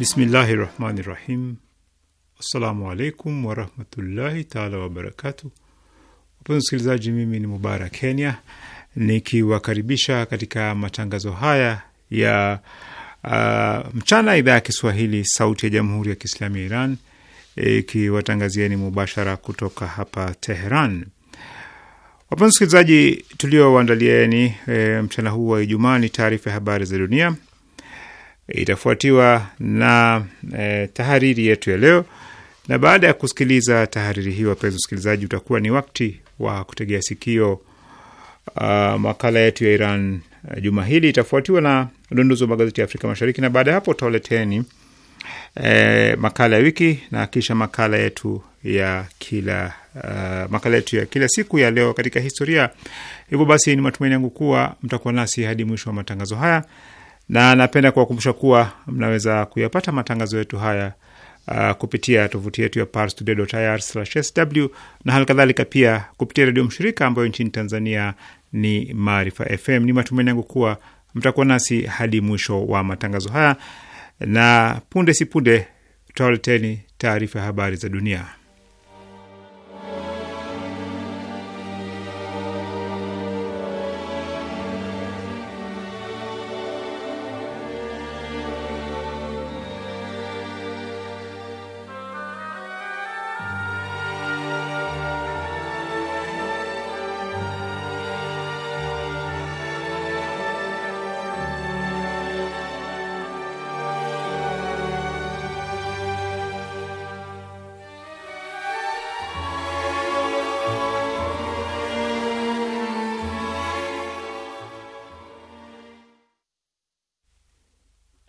Bismillahi rahmani rahim. Assalamu alaikum warahmatullahi taala wabarakatu. Wapenzi msikilizaji, mimi ni Mubarak Kenya nikiwakaribisha katika matangazo haya ya uh, mchana, idhaa ya Kiswahili sauti ya jamhuri ya Kiislamu ya Iran ikiwatangazieni e, mubashara kutoka hapa Teheran. Wapenzi msikilizaji, tuliowaandalieni e, mchana huu wa Ijumaa ni taarifa ya habari za dunia itafuatiwa na e, tahariri yetu ya leo, na baada ya kusikiliza tahariri hiyo, wapenzi wasikilizaji, utakuwa ni wakati wa kutegea sikio uh, makala yetu ya Iran eh, juma hili, itafuatiwa na udunduzi wa magazeti ya Afrika Mashariki, na baada ya hapo utaoleteni e, eh, makala ya wiki na kisha makala yetu ya kila uh, makala yetu ya kila siku ya leo katika historia. Hivyo basi, ni matumaini yangu kuwa mtakuwa nasi hadi mwisho wa matangazo haya na napenda kuwakumbusha kuwa mnaweza kuyapata matangazo yetu haya uh, kupitia tovuti yetu ya parstoday.ir/sw na hali kadhalika pia kupitia redio mshirika ambayo nchini Tanzania ni Maarifa FM. Ni matumaini yangu kuwa mtakuwa nasi hadi mwisho wa matangazo haya, na punde si punde tutawaleteni taarifa ya habari za dunia.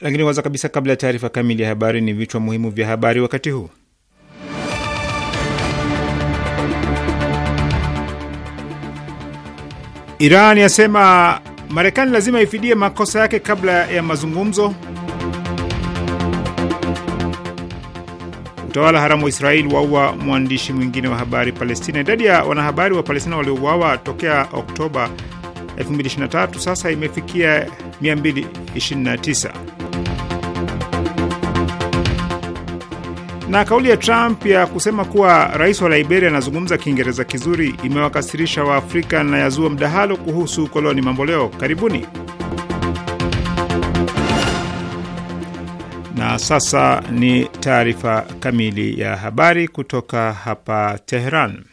Lakini kwanza kabisa, kabla ya taarifa kamili ya habari, ni vichwa muhimu vya habari wakati huu. Iran yasema Marekani lazima ifidie makosa yake kabla ya mazungumzo. Utawala haramu wa Israeli waua mwandishi mwingine wa habari Palestina. Idadi ya wanahabari wa Palestina waliouawa tokea Oktoba 2023 sasa imefikia 229. Na kauli ya Trump ya kusema kuwa rais wa Liberia anazungumza Kiingereza kizuri imewakasirisha Waafrika na yazua mdahalo kuhusu koloni mamboleo. Karibuni. Na sasa ni taarifa kamili ya habari kutoka hapa Teheran.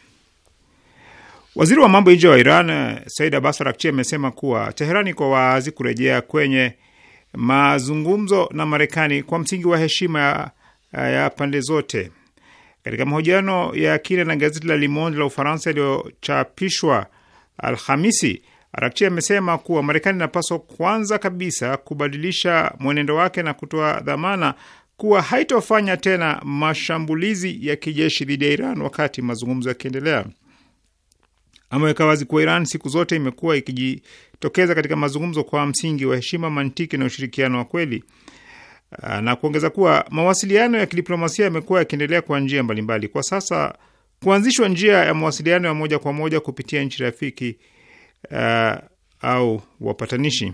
Waziri wa mambo nje wa Iran Said Abbas amesema kuwa Teheran iko wazi kurejea kwenye mazungumzo na Marekani kwa msingi wa heshima ya ya pande zote. Katika mahojiano ya kina na gazeti la Le Monde la Ufaransa yaliyochapishwa Alhamisi, Arakchi amesema kuwa Marekani inapaswa kwanza kabisa kubadilisha mwenendo wake na kutoa dhamana kuwa haitofanya tena mashambulizi ya kijeshi dhidi ya Iran wakati mazungumzo yakiendelea. Ameweka wazi kuwa Iran siku zote imekuwa ikijitokeza katika mazungumzo kwa msingi wa heshima, mantiki na ushirikiano wa kweli. Uh, na kuongeza kuwa mawasiliano ya kidiplomasia yamekuwa yakiendelea kwa njia mbalimbali. Kwa sasa kuanzishwa njia ya mawasiliano ya moja kwa moja kupitia nchi rafiki uh, au wapatanishi.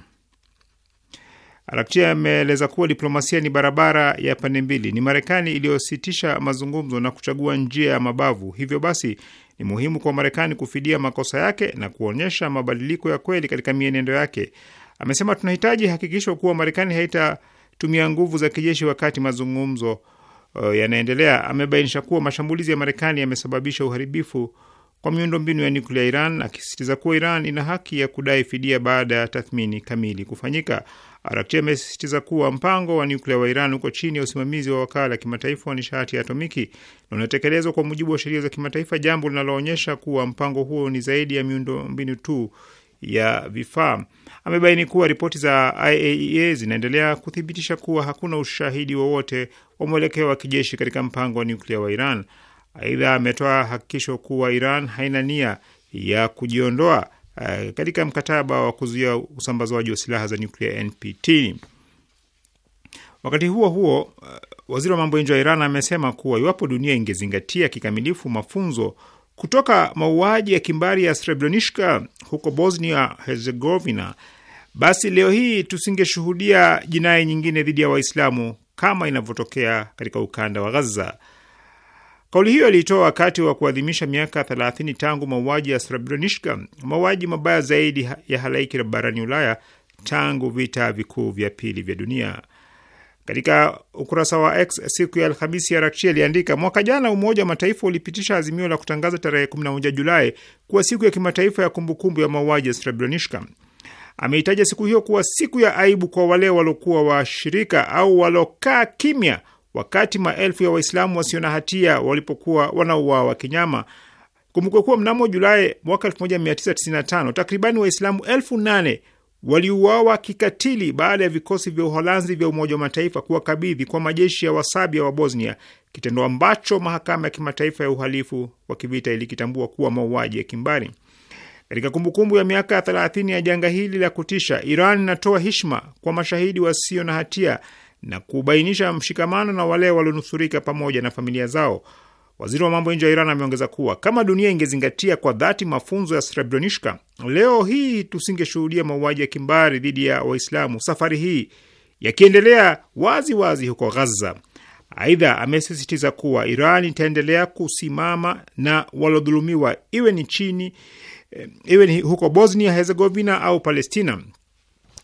Arakchia ameeleza kuwa diplomasia ni barabara ya pande mbili. Ni Marekani iliyositisha mazungumzo na kuchagua njia ya mabavu. Hivyo basi ni muhimu kwa Marekani kufidia makosa yake na kuonyesha mabadiliko ya kweli katika mienendo yake. Amesema tunahitaji hakikisho kuwa Marekani haita tumia nguvu za kijeshi wakati mazungumzo uh, yanaendelea. Amebainisha kuwa mashambulizi ya Marekani yamesababisha uharibifu kwa miundombinu ya nuklia Iran, akisisitiza kuwa Iran ina haki ya kudai fidia baada ya tathmini kamili kufanyika. Arakchi amesisitiza kuwa mpango wa nyuklia wa Iran uko chini ya usimamizi wa wakala kimataifa wa nishati ya atomiki na unatekelezwa kwa mujibu wa sheria za kimataifa, jambo linaloonyesha kuwa mpango huo ni zaidi ya miundo mbinu tu ya vifaa. Amebaini kuwa ripoti za IAEA e zinaendelea kuthibitisha kuwa hakuna ushahidi wowote wa mwelekeo wa kijeshi katika mpango wa nyuklia wa Iran. Aidha, ametoa hakikisho kuwa Iran haina nia ya kujiondoa uh, katika mkataba wa kuzuia usambazwaji wa silaha za nyuklia NPT. Wakati huo huo, uh, waziri wa mambo ya nje wa Iran amesema kuwa iwapo dunia ingezingatia kikamilifu mafunzo kutoka mauaji ya kimbari ya Srebrenica huko Bosnia Herzegovina, basi leo hii tusingeshuhudia jinai nyingine dhidi ya Waislamu kama inavyotokea katika ukanda wa Gaza. Kauli hiyo aliitoa wakati wa kuadhimisha miaka 30 tangu mauaji ya Srebrenica, mauaji mabaya zaidi ya halaiki barani Ulaya tangu vita vikuu vya pili vya dunia. Katika ukurasa wa X siku ya Alhamisi, Arakchi aliandika mwaka jana Umoja wa Mataifa ulipitisha azimio la kutangaza tarehe 11 Julai kuwa siku ya kimataifa ya kumbukumbu ya mauaji ya Srebrenica. Ameitaja siku hiyo kuwa siku ya aibu kwa wale waliokuwa washirika au walokaa kimya wakati maelfu ya Waislamu wasio na hatia walipokuwa wanauawa kinyama. Kumbukwe kuwa mnamo Julai mwaka 1995 takribani Waislamu elfu nane waliuawa kikatili baada ya vikosi vya Uholanzi vya Umoja wa Mataifa kuwakabidhi kwa majeshi ya Wasabia wa Bosnia, kitendo ambacho mahakama ya kimataifa ya uhalifu wa kivita ilikitambua kuwa mauaji ya kimbari. Katika kumbukumbu ya miaka 30 ya janga hili la kutisha, Iran inatoa heshima kwa mashahidi wasio na hatia na kubainisha mshikamano na wale walionusurika pamoja na familia zao. Waziri wa mambo ya nje wa Iran ameongeza kuwa kama dunia ingezingatia kwa dhati mafunzo ya Srebrenica, leo hii tusingeshuhudia mauaji ya kimbari dhidi ya Waislamu, safari hii yakiendelea wazi wazi huko Ghaza. Aidha, amesisitiza kuwa Iran itaendelea kusimama na walodhulumiwa, iwe ni chini, eh, iwe ni huko Bosnia Herzegovina au Palestina.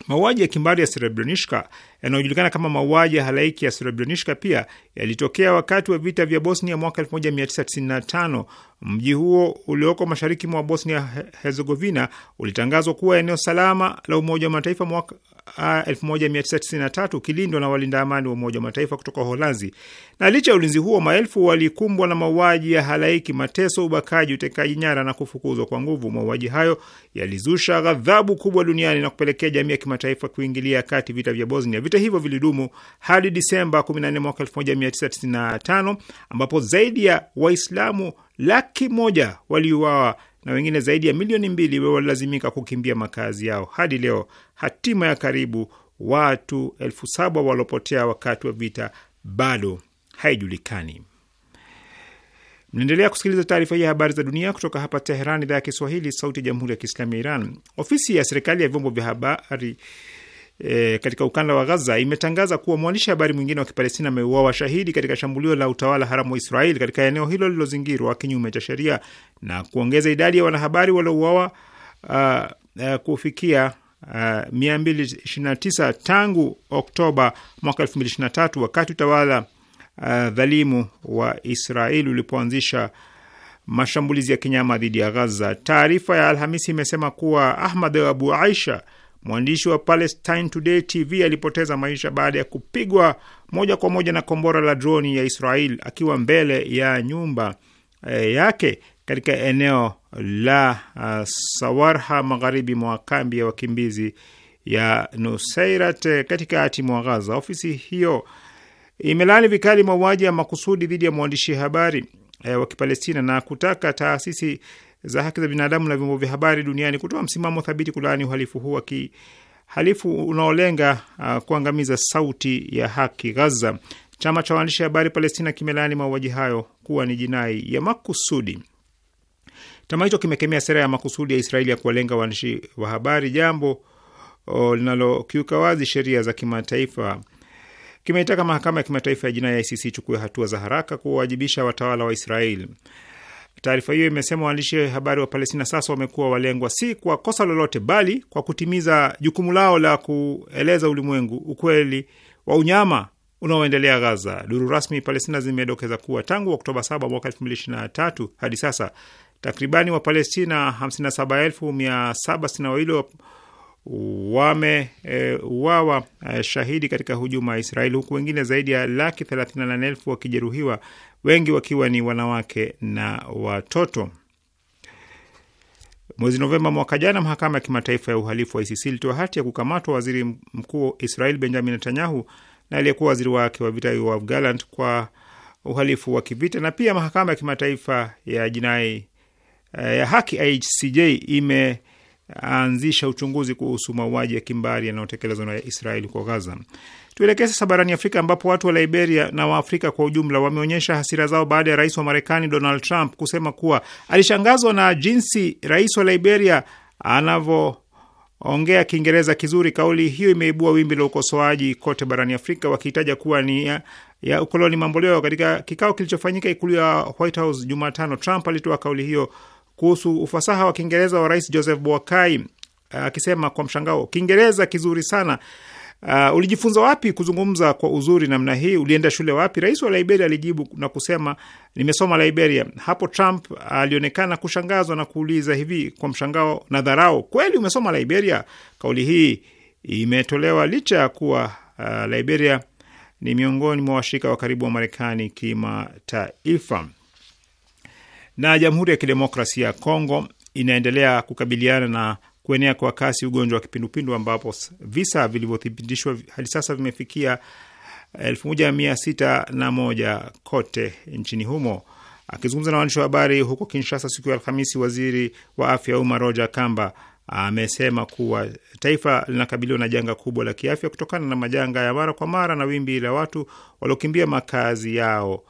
Mauaji ya kimbari ya Srebrenica yanayojulikana kama mauaji ya halaiki ya Srebrenica pia yalitokea wakati wa vita vya Bosnia mwaka 1995. Mji huo ulioko mashariki mwa Bosnia Herzegovina ulitangazwa kuwa eneo salama la Umoja wa Mataifa mwaka 1993 ah, ukilindwa na walinda amani wa Umoja wa Mataifa kutoka Holanzi. Na licha ya ulinzi huo, maelfu walikumbwa na mauaji ya halaiki, mateso, ubakaji, utekaji nyara na kufukuzwa kwa nguvu. Mauaji hayo yalizusha ghadhabu kubwa duniani na kupelekea jamii ya kimataifa kuingilia kati vita vya Bosnia. Vita hivyo vilidumu hadi Disemba 14 mwaka 1995 ambapo zaidi ya Waislamu laki moja waliuawa na wengine zaidi ya milioni mbili walilazimika kukimbia makazi yao. Hadi leo hatima ya karibu watu elfu saba waliopotea wakati wa vita bado haijulikani. Mnaendelea kusikiliza taarifa hii ya habari za dunia kutoka hapa Teheran, idhaa ya Kiswahili, sauti ya jamhuri ya kiislamu ya Iran. Ofisi ya serikali ya vyombo vya habari e, katika ukanda wa Gaza imetangaza kuwa mwandishi habari mwingine wa Kipalestina ameuawa shahidi katika shambulio la utawala haramu wa israel katika eneo hilo lilozingirwa kinyume cha sheria na kuongeza idadi ya wanahabari waliouawa uh, uh, kufikia uh, 229 tangu Oktoba mwaka 2023 wakati utawala uh, dhalimu wa Israel ulipoanzisha mashambulizi ya kinyama dhidi ya Gaza. Taarifa ya Alhamisi imesema kuwa Ahmad Abu Aisha mwandishi wa Palestine Today TV alipoteza maisha baada ya kupigwa moja kwa moja na kombora la droni ya Israel akiwa mbele ya nyumba e, yake katika eneo la uh, Sawarha magharibi mwa kambi ya wakimbizi ya Nusairat eh, katika hatimu Gaza. Ofisi hiyo imelani vikali mauaji ya makusudi dhidi ya mwandishi habari e, wa Kipalestina na kutaka taasisi za haki za binadamu na vyombo vya habari duniani kutoa msimamo thabiti kulaani uhalifu huu wa kihalifu unaolenga uh, kuangamiza sauti ya haki Gaza. Chama cha waandishi habari Palestina kimelaani mauaji hayo kuwa ni jinai ya makusudi. Chama hicho kimekemea sera ya makusudi ya Israeli ya kuwalenga waandishi wa habari, jambo uh, linalokiuka wazi sheria za kimataifa. Kimeitaka mahakama ya kimataifa ya jinai ya ICC ichukue hatua za haraka kuwawajibisha watawala wa Israeli. Taarifa hiyo imesema waandishi habari wa Palestina sasa wamekuwa walengwa si kwa kosa lolote, bali kwa kutimiza jukumu lao la kueleza ulimwengu ukweli wa unyama unaoendelea Gaza. Duru rasmi Palestina zimedokeza kuwa tangu Oktoba 7 mwaka 2023 hadi sasa takribani Wapalestina 57762 wameuawa e, shahidi katika hujuma ya Israeli, huku wengine zaidi ya laki 38 wakijeruhiwa wengi wakiwa ni wanawake na watoto. Mwezi Novemba mwaka jana, mahakama ya kimataifa ya uhalifu wa ICC ilitoa hati ya kukamatwa waziri mkuu Israel Benjamin Netanyahu na aliyekuwa waziri wake wa vita Yoav Gallant kwa uhalifu wa kivita. Na pia mahakama ya kimataifa ya jinai eh, ya haki ICJ imeanzisha uchunguzi kuhusu mauaji ya kimbari yanayotekelezwa na Israeli kwa Gaza. Tuelekee sasa barani Afrika ambapo watu wa Liberia na Waafrika kwa ujumla wameonyesha hasira zao baada ya rais wa Marekani Donald Trump kusema kuwa alishangazwa na jinsi rais wa Liberia anavyoongea Kiingereza kizuri. Kauli hiyo imeibua wimbi la ukosoaji kote barani Afrika, wakihitaja kuwa ni ya, ya ukoloni mamboleo. Katika kikao kilichofanyika ikulu ya White House Jumatano, Trump alitoa kauli hiyo kuhusu ufasaha wa Kiingereza wa rais Joseph Boakai akisema kwa mshangao, Kiingereza kizuri sana Uh, ulijifunza wapi kuzungumza kwa uzuri namna hii? Ulienda shule wapi? Rais wa Liberia alijibu na kusema nimesoma Liberia. Hapo Trump alionekana kushangazwa na kuuliza hivi kwa mshangao na dharau, kweli umesoma Liberia? Kauli hii imetolewa licha ya kuwa uh, Liberia ni miongoni mwa washirika wa karibu wa Marekani kimataifa. Na Jamhuri ya Kidemokrasia ya Kongo inaendelea kukabiliana na kuenea kwa kasi ugonjwa wa kipindupindu ambapo visa vilivyothibitishwa hadi sasa vimefikia elfu kote nchini humo. Akizungumza na waandishi wa habari huko Kinshasa siku ya Alhamisi, waziri wa afya Umar Roja Kamba amesema kuwa taifa linakabiliwa na janga kubwa la kiafya kutokana na majanga ya mara kwa mara na wimbi la watu waliokimbia makazi yao.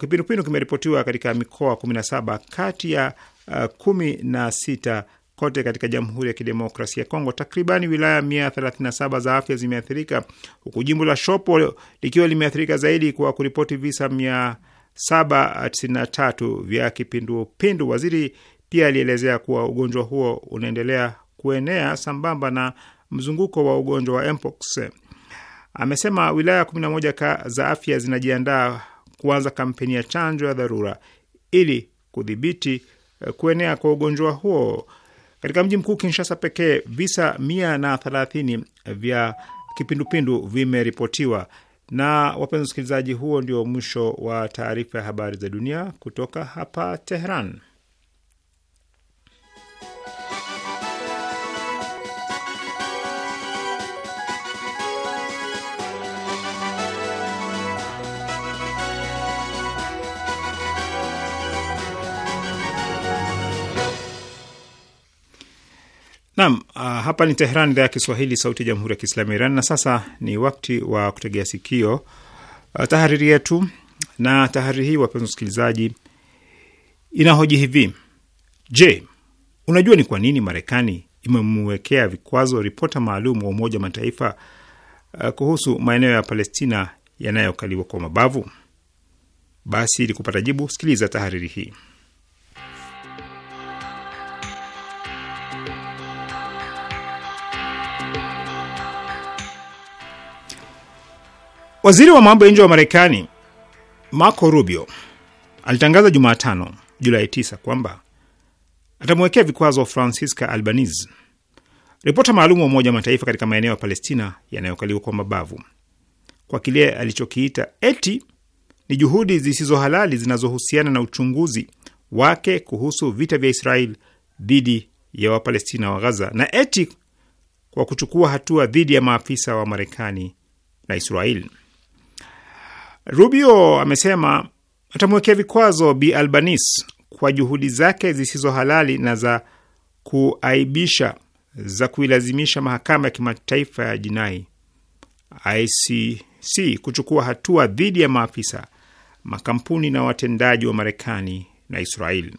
Kipindupindu kimeripotiwa katika mikoa 17 kati ya uh, kumi na sita kote katika Jamhuri ya Kidemokrasia ya Kongo. Takribani wilaya 137 za afya zimeathirika huku jimbo la Shopo likiwa limeathirika zaidi kwa kuripoti visa 793 vya kipindupindu. Waziri pia alielezea kuwa ugonjwa huo unaendelea kuenea sambamba na mzunguko wa ugonjwa wa mpox. Amesema wilaya 11 za afya zinajiandaa kuanza kampeni ya chanjo ya dharura ili kudhibiti kuenea kwa ugonjwa huo. Katika mji mkuu Kinshasa pekee visa mia na thelathini vya kipindupindu vimeripotiwa. Na wapenzi wasikilizaji, huo ndio mwisho wa taarifa ya habari za dunia kutoka hapa teheran Naam, ah, hapa ni Tehran, idhaa ya Kiswahili, sauti ya jamhuri ya kiislamu ya Iran. Na sasa ni wakati wa kutegea sikio ah, tahariri yetu, na tahariri hii, wapenzi wasikilizaji, inahoji hivi: Je, unajua ni kwa nini Marekani imemwekea vikwazo ripota maalum wa Umoja wa Mataifa ah, kuhusu maeneo ya Palestina yanayokaliwa kwa mabavu? Basi ili kupata jibu, sikiliza tahariri hii. Waziri wa mambo ya nje wa Marekani Marco Rubio alitangaza Jumatano Julai 9 kwamba atamwekea vikwazo Francisca Albanese, ripota maalum wa Umoja wa Mataifa katika maeneo ya Palestina yanayokaliwa kwa mabavu kwa kile alichokiita eti ni juhudi zisizo halali zinazohusiana na uchunguzi wake kuhusu vita vya Israel dhidi ya Wapalestina wa Gaza na eti kwa kuchukua hatua dhidi ya maafisa wa Marekani na Israel. Rubio amesema atamwekea vikwazo Bi Albanis kwa juhudi zake zisizo halali na za kuaibisha za kuilazimisha mahakama ya kimataifa ya jinai ICC kuchukua hatua dhidi ya maafisa, makampuni na watendaji wa Marekani na Israeli.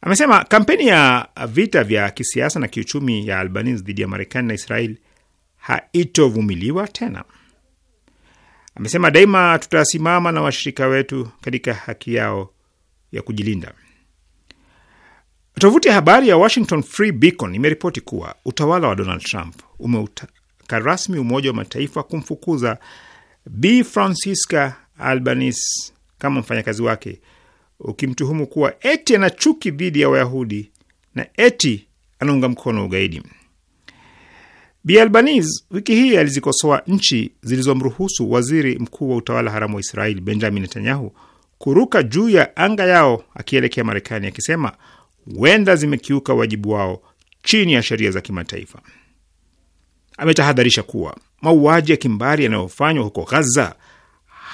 Amesema kampeni ya vita vya kisiasa na kiuchumi ya Albanese dhidi ya Marekani na Israeli haitovumiliwa tena. Amesema daima tutasimama na washirika wetu katika haki yao ya kujilinda. Tovuti ya habari ya Washington Free Beacon imeripoti kuwa utawala wa Donald Trump umeutaka rasmi Umoja wa Mataifa kumfukuza b Francisca Albanese kama mfanyakazi wake, ukimtuhumu kuwa eti ana chuki dhidi ya Wayahudi na eti anaunga mkono ugaidi. Bi Albanese wiki hii alizikosoa nchi zilizomruhusu waziri mkuu wa utawala haramu wa Israeli Benjamin Netanyahu kuruka juu ya anga yao akielekea Marekani, akisema huenda zimekiuka wajibu wao chini ya sheria za kimataifa. Ametahadharisha kuwa mauaji ya kimbari yanayofanywa huko Gaza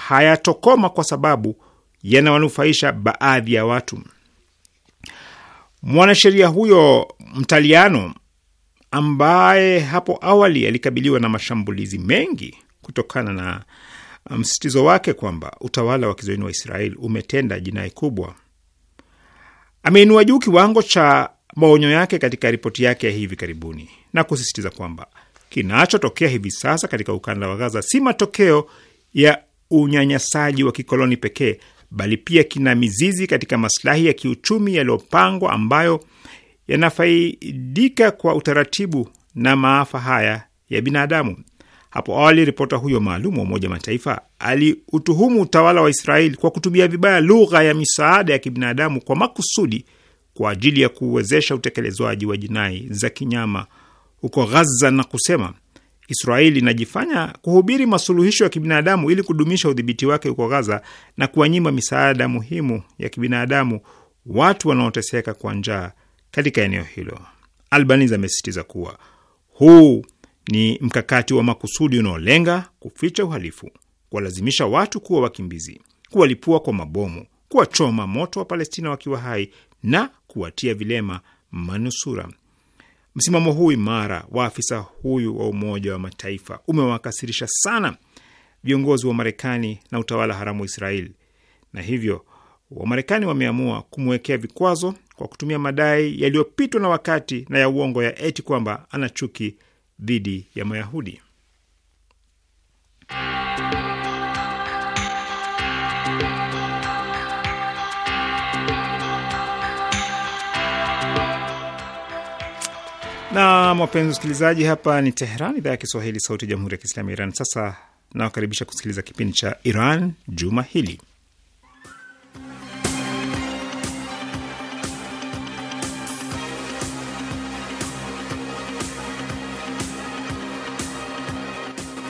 hayatokoma kwa sababu yanawanufaisha baadhi ya watu. Mwanasheria huyo mtaliano ambaye hapo awali alikabiliwa na mashambulizi mengi kutokana na um, msisitizo wake kwamba utawala wa kizoeni wa Israel umetenda jinai kubwa. Ameinua juu kiwango cha maonyo yake katika ripoti yake ya hivi karibuni na kusisitiza kwamba kinachotokea hivi sasa katika ukanda wa Gaza si matokeo ya unyanyasaji wa kikoloni pekee, bali pia kina mizizi katika maslahi ya kiuchumi yaliyopangwa ambayo yanafaidika kwa utaratibu na maafa haya ya binadamu. Hapo awali ripota huyo maalum wa Umoja Mataifa aliutuhumu utawala wa Israeli kwa kutumia vibaya lugha ya misaada ya kibinadamu kwa makusudi kwa ajili ya kuwezesha utekelezwaji wa jinai za kinyama huko Ghaza na kusema Israeli inajifanya kuhubiri masuluhisho ya kibinadamu ili kudumisha udhibiti wake huko Ghaza na kuwanyima misaada muhimu ya kibinadamu watu wanaoteseka kwa njaa katika eneo hilo. Albanese amesisitiza kuwa huu ni mkakati wa makusudi unaolenga kuficha uhalifu, kuwalazimisha watu kuwa wakimbizi, kuwalipua kwa mabomu, kuwachoma moto wa Palestina wakiwa hai na kuwatia vilema manusura. Msimamo huu imara wa afisa huyu wa Umoja wa Mataifa umewakasirisha sana viongozi wa Marekani na utawala haramu wa Israeli, na hivyo Wamarekani wameamua kumwekea vikwazo kwa kutumia madai yaliyopitwa na wakati na ya uongo ya eti kwamba ana chuki dhidi ya Mayahudi. na wapenzi wasikilizaji, hapa ni Teheran, idhaa ya Kiswahili, sauti ya jamhuri ya kiislamu ya Iran. Sasa nawakaribisha kusikiliza kipindi cha Iran juma hili.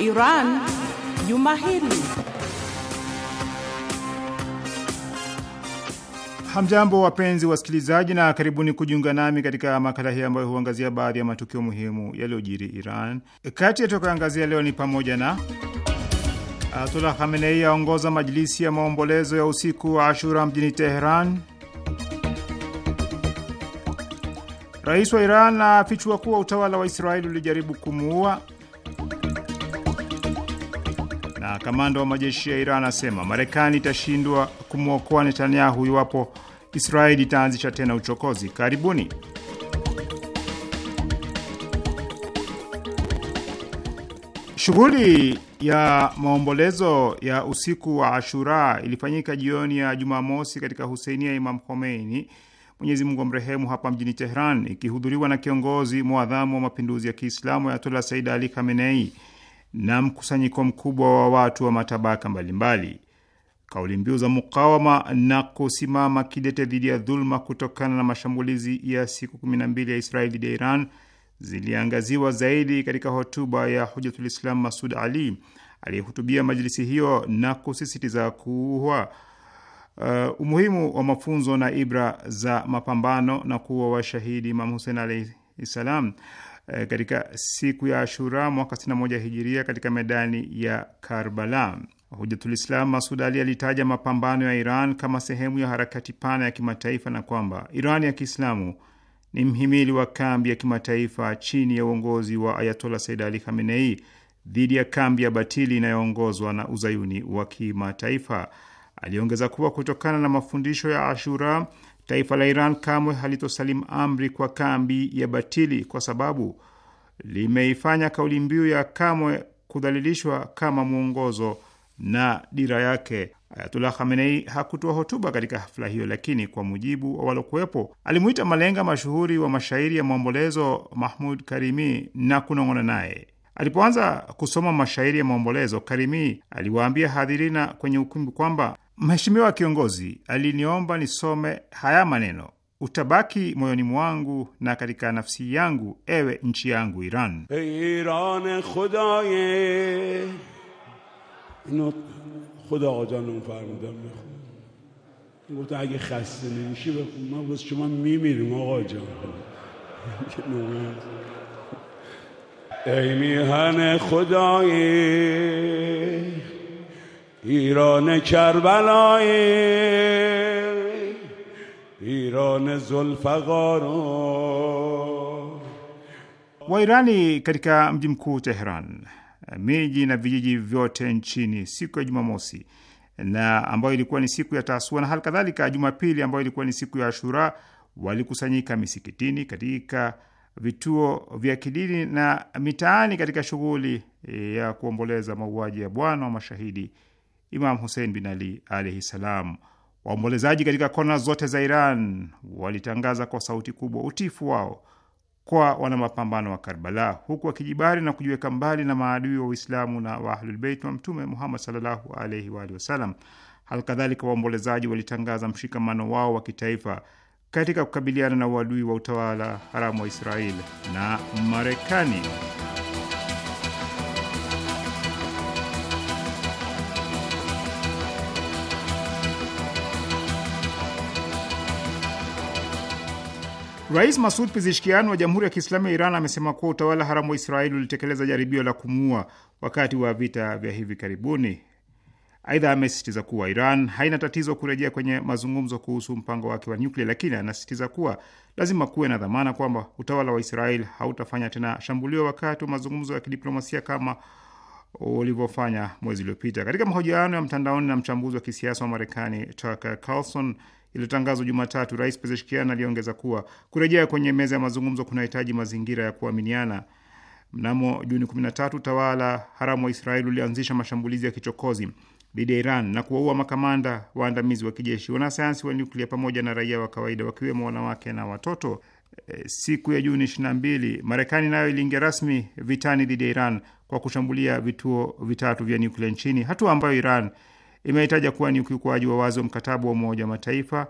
Iran juma hili. Hamjambo, wapenzi wasikilizaji, na karibuni kujiunga nami katika makala hii ambayo huangazia baadhi ya matukio muhimu yaliyojiri Iran. Kati yatakayoangazia leo ni pamoja na Ayatullah Khamenei aongoza majilisi ya maombolezo ya usiku wa Ashura mjini Teheran. Rais wa Iran afichua kuwa utawala wa Israeli ulijaribu kumuua na kamanda wa majeshi ya Iran anasema Marekani itashindwa kumwokoa Netanyahu iwapo Israeli itaanzisha tena uchokozi. Karibuni. Shughuli ya maombolezo ya usiku wa Ashura ilifanyika jioni ya Jumamosi katika huseinia ya Imam Khomeini, Mwenyezi Mungu amrehemu, hapa mjini Tehran, ikihudhuriwa na kiongozi mwadhamu wa mapinduzi ya Kiislamu Ayatollah Said Ali Khamenei na mkusanyiko mkubwa wa watu wa matabaka mbalimbali. Kauli mbiu za mukawama na kusimama kidete dhidi ya dhuluma kutokana na mashambulizi ya siku kumi na mbili ya Israeli dhidi ya Iran ziliangaziwa zaidi katika hotuba ya Hujatulislam Masud Ali aliyehutubia majlisi hiyo na kusisitiza kuwa uh, umuhimu wa mafunzo na ibra za mapambano na kuwa washahidi Imam Husein alaihi salam Eh, katika siku ya Ashura mwaka 61 hijiria katika medani ya Karbala. Islam Masud Ali alitaja mapambano ya Iran kama sehemu ya harakati pana ya kimataifa na kwamba Iran ya Kiislamu ni mhimili wa kambi ya kimataifa chini ya uongozi wa Ayatollah Said Ali Khamenei dhidi ya kambi ya batili inayoongozwa na uzayuni wa kimataifa. Aliongeza kuwa kutokana na mafundisho ya Ashura Taifa la Iran kamwe halitosalimu amri kwa kambi ya batili, kwa sababu limeifanya kauli mbiu ya kamwe kudhalilishwa kama mwongozo na dira yake. Ayatullah Khamenei hakutoa hotuba katika hafla hiyo, lakini kwa mujibu wa walokuwepo, alimuita malenga mashuhuri wa mashairi ya maombolezo Mahmud Karimi na kunong'ona naye. Alipoanza kusoma mashairi ya maombolezo, Karimi aliwaambia hadhirina kwenye ukumbi kwamba Mheshimiwa kiongozi aliniomba nisome haya maneno: utabaki moyoni mwangu na katika nafsi yangu, ewe nchi yangu Iran. Iran farmudam gofta age khaste nemishi ma bas shoma mimirim jan ایران کربلای پیران زلفقارو Wairani katika mji mkuu Teheran, miji na vijiji vyote nchini siku ya Jumamosi na ambayo ilikuwa ni siku ya Taasua na hali kadhalika Jumapili ambayo ilikuwa ni siku ya Ashura walikusanyika misikitini, katika vituo vya kidini na mitaani katika shughuli eh, ya kuomboleza mauaji ya bwana wa mashahidi Imam Husein bin Ali alaihi salam. Waombolezaji katika kona zote za Iran walitangaza kwa sauti kubwa utifu wao kwa wanamapambano wa Karbala, huku wakijibari na kujiweka mbali na maadui wa Uislamu na wa Ahlulbeit wa Mtume Muhammad sallallahu alaihi wa alihi wasallam. waombolezaji walitangaza mshikamano wao wa kitaifa katika kukabiliana na uadui wa utawala haramu wa Israeli na Marekani. Rais Masud Pizishkian wa Jamhuri ya Kiislamu ya Iran amesema kuwa utawala haramu wa Israeli ulitekeleza jaribio la kumuua wakati wa vita vya hivi karibuni. Aidha, amesisitiza kuwa Iran haina tatizo kurejea kwenye mazungumzo kuhusu mpango wake wa nyuklia, lakini anasisitiza kuwa lazima kuwe na dhamana kwamba utawala wa Israel hautafanya tena shambulio wakati wa mazungumzo ya kidiplomasia kama ulivyofanya mwezi uliopita. Katika mahojiano ya mtandaoni na mchambuzi wa kisiasa wa Marekani Tucker Carlson, iliyotangazwa Jumatatu, Rais Pezeshkian aliongeza kuwa kurejea kwenye meza ya mazungumzo kunahitaji mazingira ya kuaminiana. Mnamo Juni 13 utawala haramu wa Israeli ulianzisha mashambulizi ya kichokozi dhidi ya Iran na kuwaua makamanda waandamizi wa kijeshi, wanasayansi wa nyuklia pamoja na raia wa kawaida, wakiwemo wanawake na watoto. E, siku ya Juni 22 Marekani nayo iliingia rasmi vitani dhidi ya Iran kwa kushambulia vituo vitatu vya nyuklia nchini, hatua ambayo Iran imehitaja kuwa ni ukiukwaji wa wazi wa mkataba wa Umoja wa Mataifa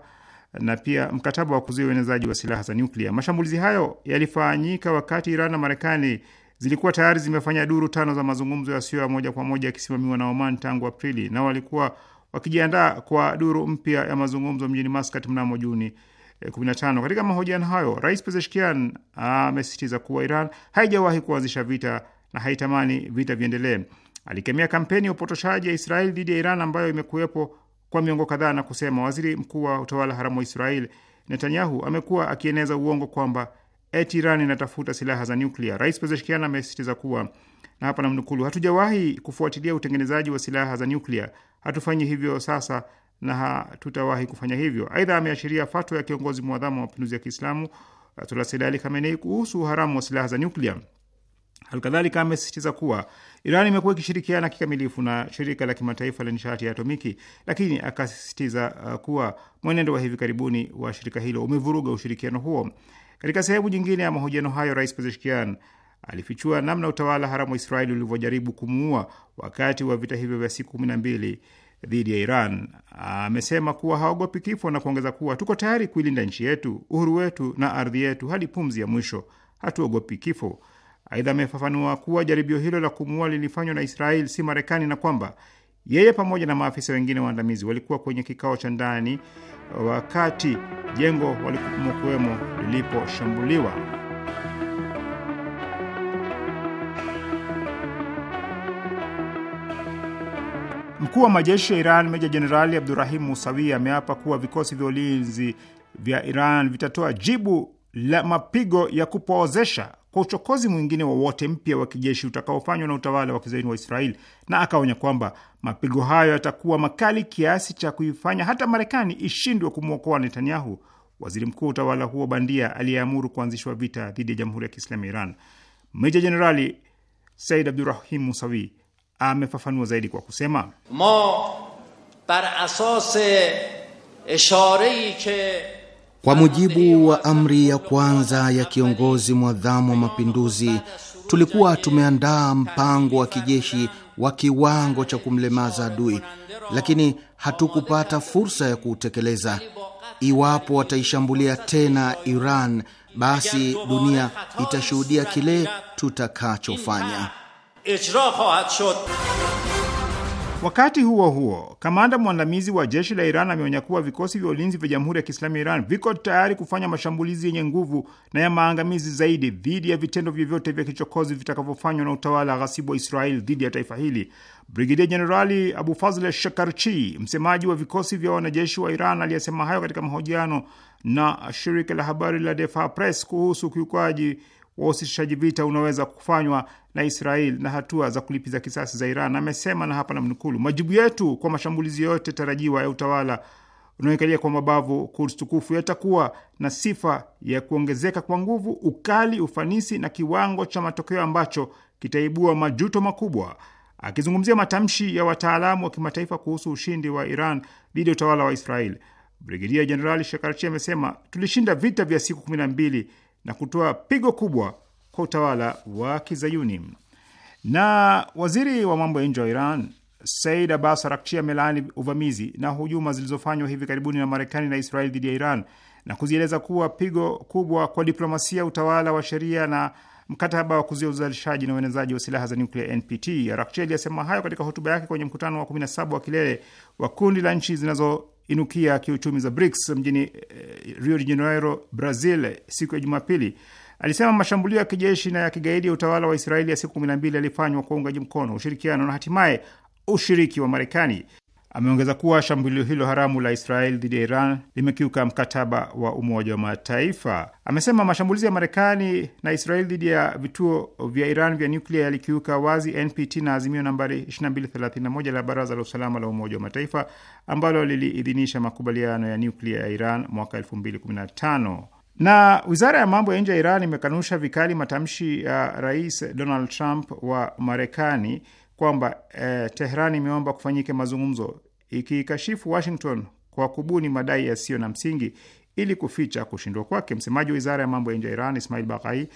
na pia mkataba wa kuzuia uenezaji wa silaha za nyuklia. Mashambulizi hayo yalifanyika wakati Iran na Marekani zilikuwa tayari zimefanya duru tano za mazungumzo yasiyo ya moja kwa moja yakisimamiwa na Oman tangu Aprili, na walikuwa wakijiandaa kwa duru mpya ya mazungumzo mjini Muscat mnamo Juni 15. Eh, Katika mahojiano hayo, Rais Pezeshkian amesisitiza kuwa Iran haijawahi kuanzisha vita na haitamani vita viendelee. Alikemea kampeni ya upotoshaji ya Israeli dhidi ya Iran ambayo imekuwepo kwa miongo kadhaa na kusema waziri mkuu wa utawala haramu wa Israeli Netanyahu amekuwa akieneza uongo kwamba eti Iran inatafuta silaha za nyuklia. Rais Pezeshkian amesisitiza kuwa na hapa namnukuu, hatujawahi kufuatilia utengenezaji wa silaha za nyuklia, hatufanyi hivyo sasa na hatutawahi kufanya hivyo. Aidha, ameashiria fatwa ya kiongozi mwadhamu wa mapinduzi ya Kiislamu Ayatullah Sayyid Ali Khamenei kuhusu uharamu wa silaha za nyuklia. Halikadhalika amesisitiza kuwa Iran imekuwa ikishirikiana kikamilifu na shirika la kimataifa la nishati ya atomiki, lakini akasisitiza uh, kuwa mwenendo wa hivi karibuni wa shirika hilo umevuruga ushirikiano huo. Katika sehemu nyingine ya mahojiano hayo, Rais Pezeshkian alifichua namna utawala haramu wa Israeli ulivyojaribu kumuua wakati wa vita hivyo vya siku kumi na mbili dhidi ya Iran. Amesema kuwa haogopi kifo na kuongeza kuwa tuko tayari kuilinda nchi yetu, uhuru wetu na ardhi yetu hadi pumzi ya mwisho. Hatuogopi kifo. Aidha, amefafanua kuwa jaribio hilo la kumuua lilifanywa na Israel, si Marekani, na kwamba yeye pamoja na maafisa wengine waandamizi walikuwa kwenye kikao cha ndani wakati jengo walimokuwemo liliposhambuliwa. Mkuu wa majeshi ya Iran Meja Jenerali Abdurahim Musawi ameapa kuwa vikosi vya ulinzi vya Iran vitatoa jibu la mapigo ya kupoozesha kwa uchokozi mwingine wowote mpya wa kijeshi utakaofanywa na utawala wa kizaini wa israel na akaonya kwamba mapigo hayo yatakuwa makali kiasi cha kuifanya hata Marekani ishindwe kumwokoa Netanyahu, waziri mkuu wa utawala huo bandia aliyeamuru kuanzishwa vita dhidi ya Jamhuri ya Kiislamu ya Iran. Meja Jenerali Said Abdurahim Musawi amefafanua zaidi kwa kusema Ma, bar ke kwa mujibu wa amri ya kwanza ya kiongozi mwadhamu wa mapinduzi, tulikuwa tumeandaa mpango wa kijeshi wa kiwango cha kumlemaza adui, lakini hatukupata fursa ya kuutekeleza. Iwapo wataishambulia tena Iran, basi dunia itashuhudia kile tutakachofanya. Wakati huo huo, kamanda mwandamizi wa jeshi la Iran ameonya kuwa vikosi vya ulinzi vya Jamhuri ya Kiislamu ya Iran viko tayari kufanya mashambulizi yenye nguvu na ya maangamizi zaidi dhidi ya vitendo vyovyote vya kichokozi vitakavyofanywa na utawala ghasibu wa israel dhidi ya taifa hili. Brigedia Jenerali Abu Fazl Shakarchi, msemaji wa vikosi vya wanajeshi wa Iran, aliyesema hayo katika mahojiano na shirika la habari la Defa Press kuhusu ukiukaji wa usitishaji vita unaweza kufanywa na Israel na hatua za kulipiza kisasi za Iran. Amesema na hapa namnukulu, majibu yetu kwa mashambulizi yote tarajiwa ya utawala unaoikalia kwa mabavu Quds tukufu yatakuwa na sifa ya kuongezeka kwa nguvu, ukali, ufanisi na kiwango cha matokeo ambacho kitaibua majuto makubwa. Akizungumzia matamshi ya wataalamu wa kimataifa kuhusu ushindi wa Iran dhidi ya utawala wa Israel, Brigedia Jenerali Shekarchi amesema tulishinda vita vya siku kumi na mbili na kutoa pigo kubwa kwa utawala wa Kizayuni. Na waziri wa mambo ya nje wa Iran Said Abbas Arakchi amelaani uvamizi na hujuma zilizofanywa hivi karibuni na Marekani na israel dhidi ya Iran na kuzieleza kuwa pigo kubwa kwa diplomasia, utawala wa sheria na mkataba wa kuzuia uzalishaji na uenezaji wa silaha za nyuklia NPT. Arakchi aliyesema hayo katika hotuba yake kwenye mkutano wa 17 wa kilele wa kundi la nchi zinazoinukia kiuchumi za BRICS mjini eh, Rio de Janeiro, Brazil siku ya Jumapili Alisema mashambulio ya kijeshi na ya kigaidi ya utawala wa Israeli ya siku kumi na mbili yalifanywa kwa uungaji mkono, ushirikiano na hatimaye ushiriki wa Marekani. Ameongeza kuwa shambulio hilo haramu la Israel dhidi ya Iran limekiuka mkataba wa Umoja wa Mataifa. Amesema mashambulizi ya Marekani na Israel dhidi ya vituo vya Iran vya nyuklia yalikiuka wazi NPT na azimio nambari 2231 la Baraza la Usalama la Umoja wa Mataifa ambalo liliidhinisha makubaliano ya nyuklia ya Iran mwaka 2015. Na wizara ya mambo ya nje ya Iran imekanusha vikali matamshi ya rais Donald Trump wa Marekani kwamba eh, Tehran imeomba kufanyike mazungumzo, ikikashifu Washington kwa kubuni madai yasiyo na msingi ili kuficha kushindwa kwake. Msemaji wa wizara ya mambo ya nje ya Iran Ismail Bakai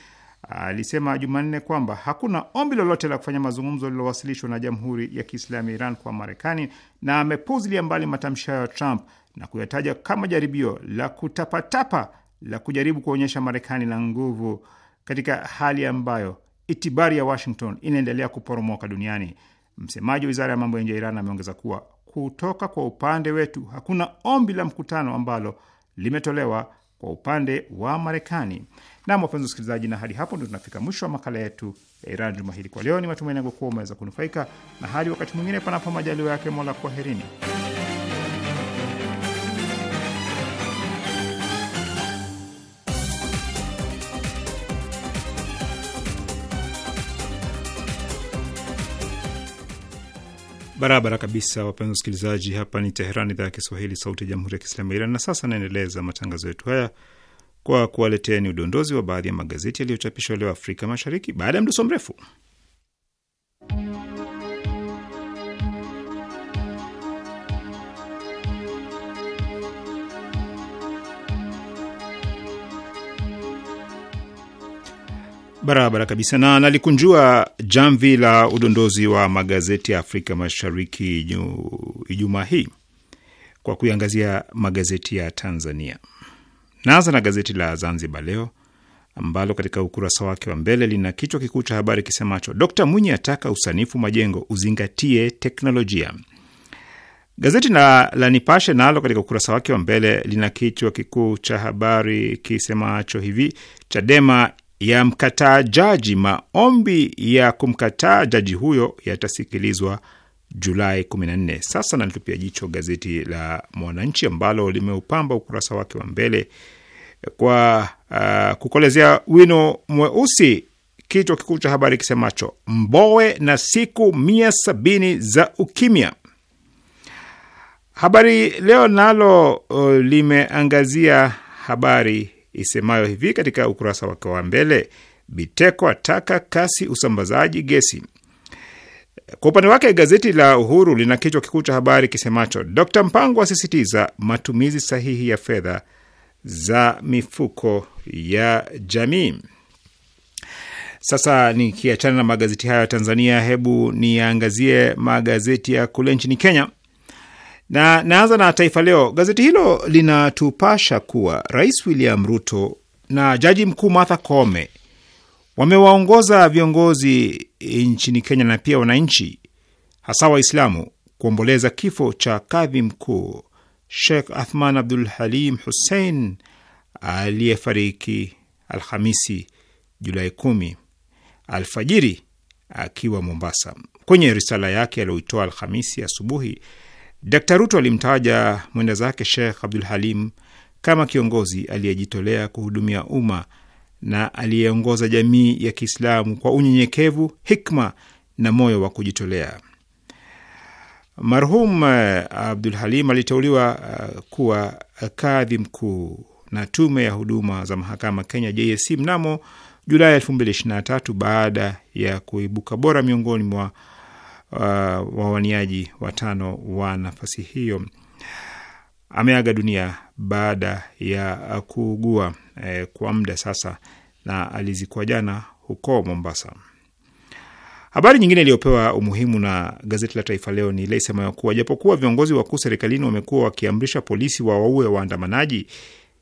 alisema Jumanne kwamba hakuna ombi lolote la kufanya mazungumzo lililowasilishwa na Jamhuri ya Kiislamu ya Iran kwa Marekani, na amepuzilia mbali matamshi hayo ya Trump na kuyataja kama jaribio la kutapatapa la kujaribu kuonyesha Marekani na nguvu katika hali ambayo itibari ya Washington inaendelea kuporomoka duniani. Msemaji wa wizara ya mambo ya nje ya Iran ameongeza kuwa kutoka kwa upande wetu hakuna ombi la mkutano ambalo limetolewa kwa upande wa Marekani. Nam, wapenzi wasikilizaji, na hadi hapo ndo tunafika mwisho wa makala yetu ya Iran juma hili. Kwa leo, ni matumaini yangu kuwa umeweza kunufaika, na hadi wakati mwingine, panapo majaliwa yake Mola, kwaherini. Barabara kabisa, wapenzi wasikilizaji, hapa ni Teheran, idhaa ya Kiswahili, sauti ya jamhuri ya kiislamu ya Iran. Na sasa naendeleza matangazo yetu haya kwa ni udondozi wa baadhi ya magazeti yaliyochapishwa leo Afrika Mashariki baada ya mdoso mrefu Barabara kabisa, na nalikunjua jamvi la udondozi wa magazeti ya Afrika Mashariki Ijumaa hii kwa kuiangazia magazeti ya Tanzania. Naanza na gazeti la Zanzibar Leo ambalo katika ukurasa wake wa mbele lina kichwa kikuu cha habari kisemacho Dkt Mwinyi ataka usanifu majengo uzingatie teknolojia. Gazeti la, la Nipashe nalo katika ukurasa wake wa mbele lina kichwa kikuu cha habari kisemacho hivi, Chadema ya mkataa jaji, maombi ya kumkataa jaji huyo yatasikilizwa Julai 14. Sasa nalitupia jicho gazeti la Mwananchi ambalo limeupamba ukurasa wake wa mbele kwa uh, kukolezea wino mweusi, kichwa kikuu cha habari kisemacho Mbowe na siku mia sabini za ukimya. Habari Leo nalo uh, limeangazia habari isemayo hivi katika ukurasa wake wa mbele: Biteko ataka kasi usambazaji gesi. Kwa upande wake gazeti la Uhuru lina kichwa kikuu cha habari kisemacho Dr Mpango asisitiza matumizi sahihi ya fedha za mifuko ya jamii. Sasa nikiachana na magazeti hayo ya Tanzania, hebu niangazie magazeti ya kule nchini Kenya. Na naanza na Taifa Leo. Gazeti hilo linatupasha kuwa Rais William Ruto na Jaji Mkuu Martha Koome wamewaongoza viongozi e, nchini Kenya na pia wananchi, hasa Waislamu, kuomboleza kifo cha kadhi mkuu Sheikh Athman Abdul Halim Hussein aliyefariki Alhamisi Julai 10 alfajiri akiwa Mombasa. Kwenye risala yake aliyoitoa Alhamisi asubuhi ya Dr. Ruto alimtaja mwenda zake Sheikh Abdul Halim kama kiongozi aliyejitolea kuhudumia umma na aliyeongoza jamii ya Kiislamu kwa unyenyekevu, hikma na moyo wa kujitolea. Marhum eh, Abdul Halim aliteuliwa eh, kuwa eh, kadhi mkuu na tume ya huduma za mahakama Kenya JSC mnamo Julai 2023 baada ya kuibuka bora miongoni mwa uh, wawaniaji watano wa nafasi hiyo. Ameaga dunia baada ya kuugua eh, kwa muda sasa, na alizikwa jana huko Mombasa. Habari nyingine iliyopewa umuhimu na gazeti la Taifa Leo ni ile isemayo kuwa japokuwa viongozi wakuu serikalini wamekuwa wakiamrisha polisi wawaue waandamanaji,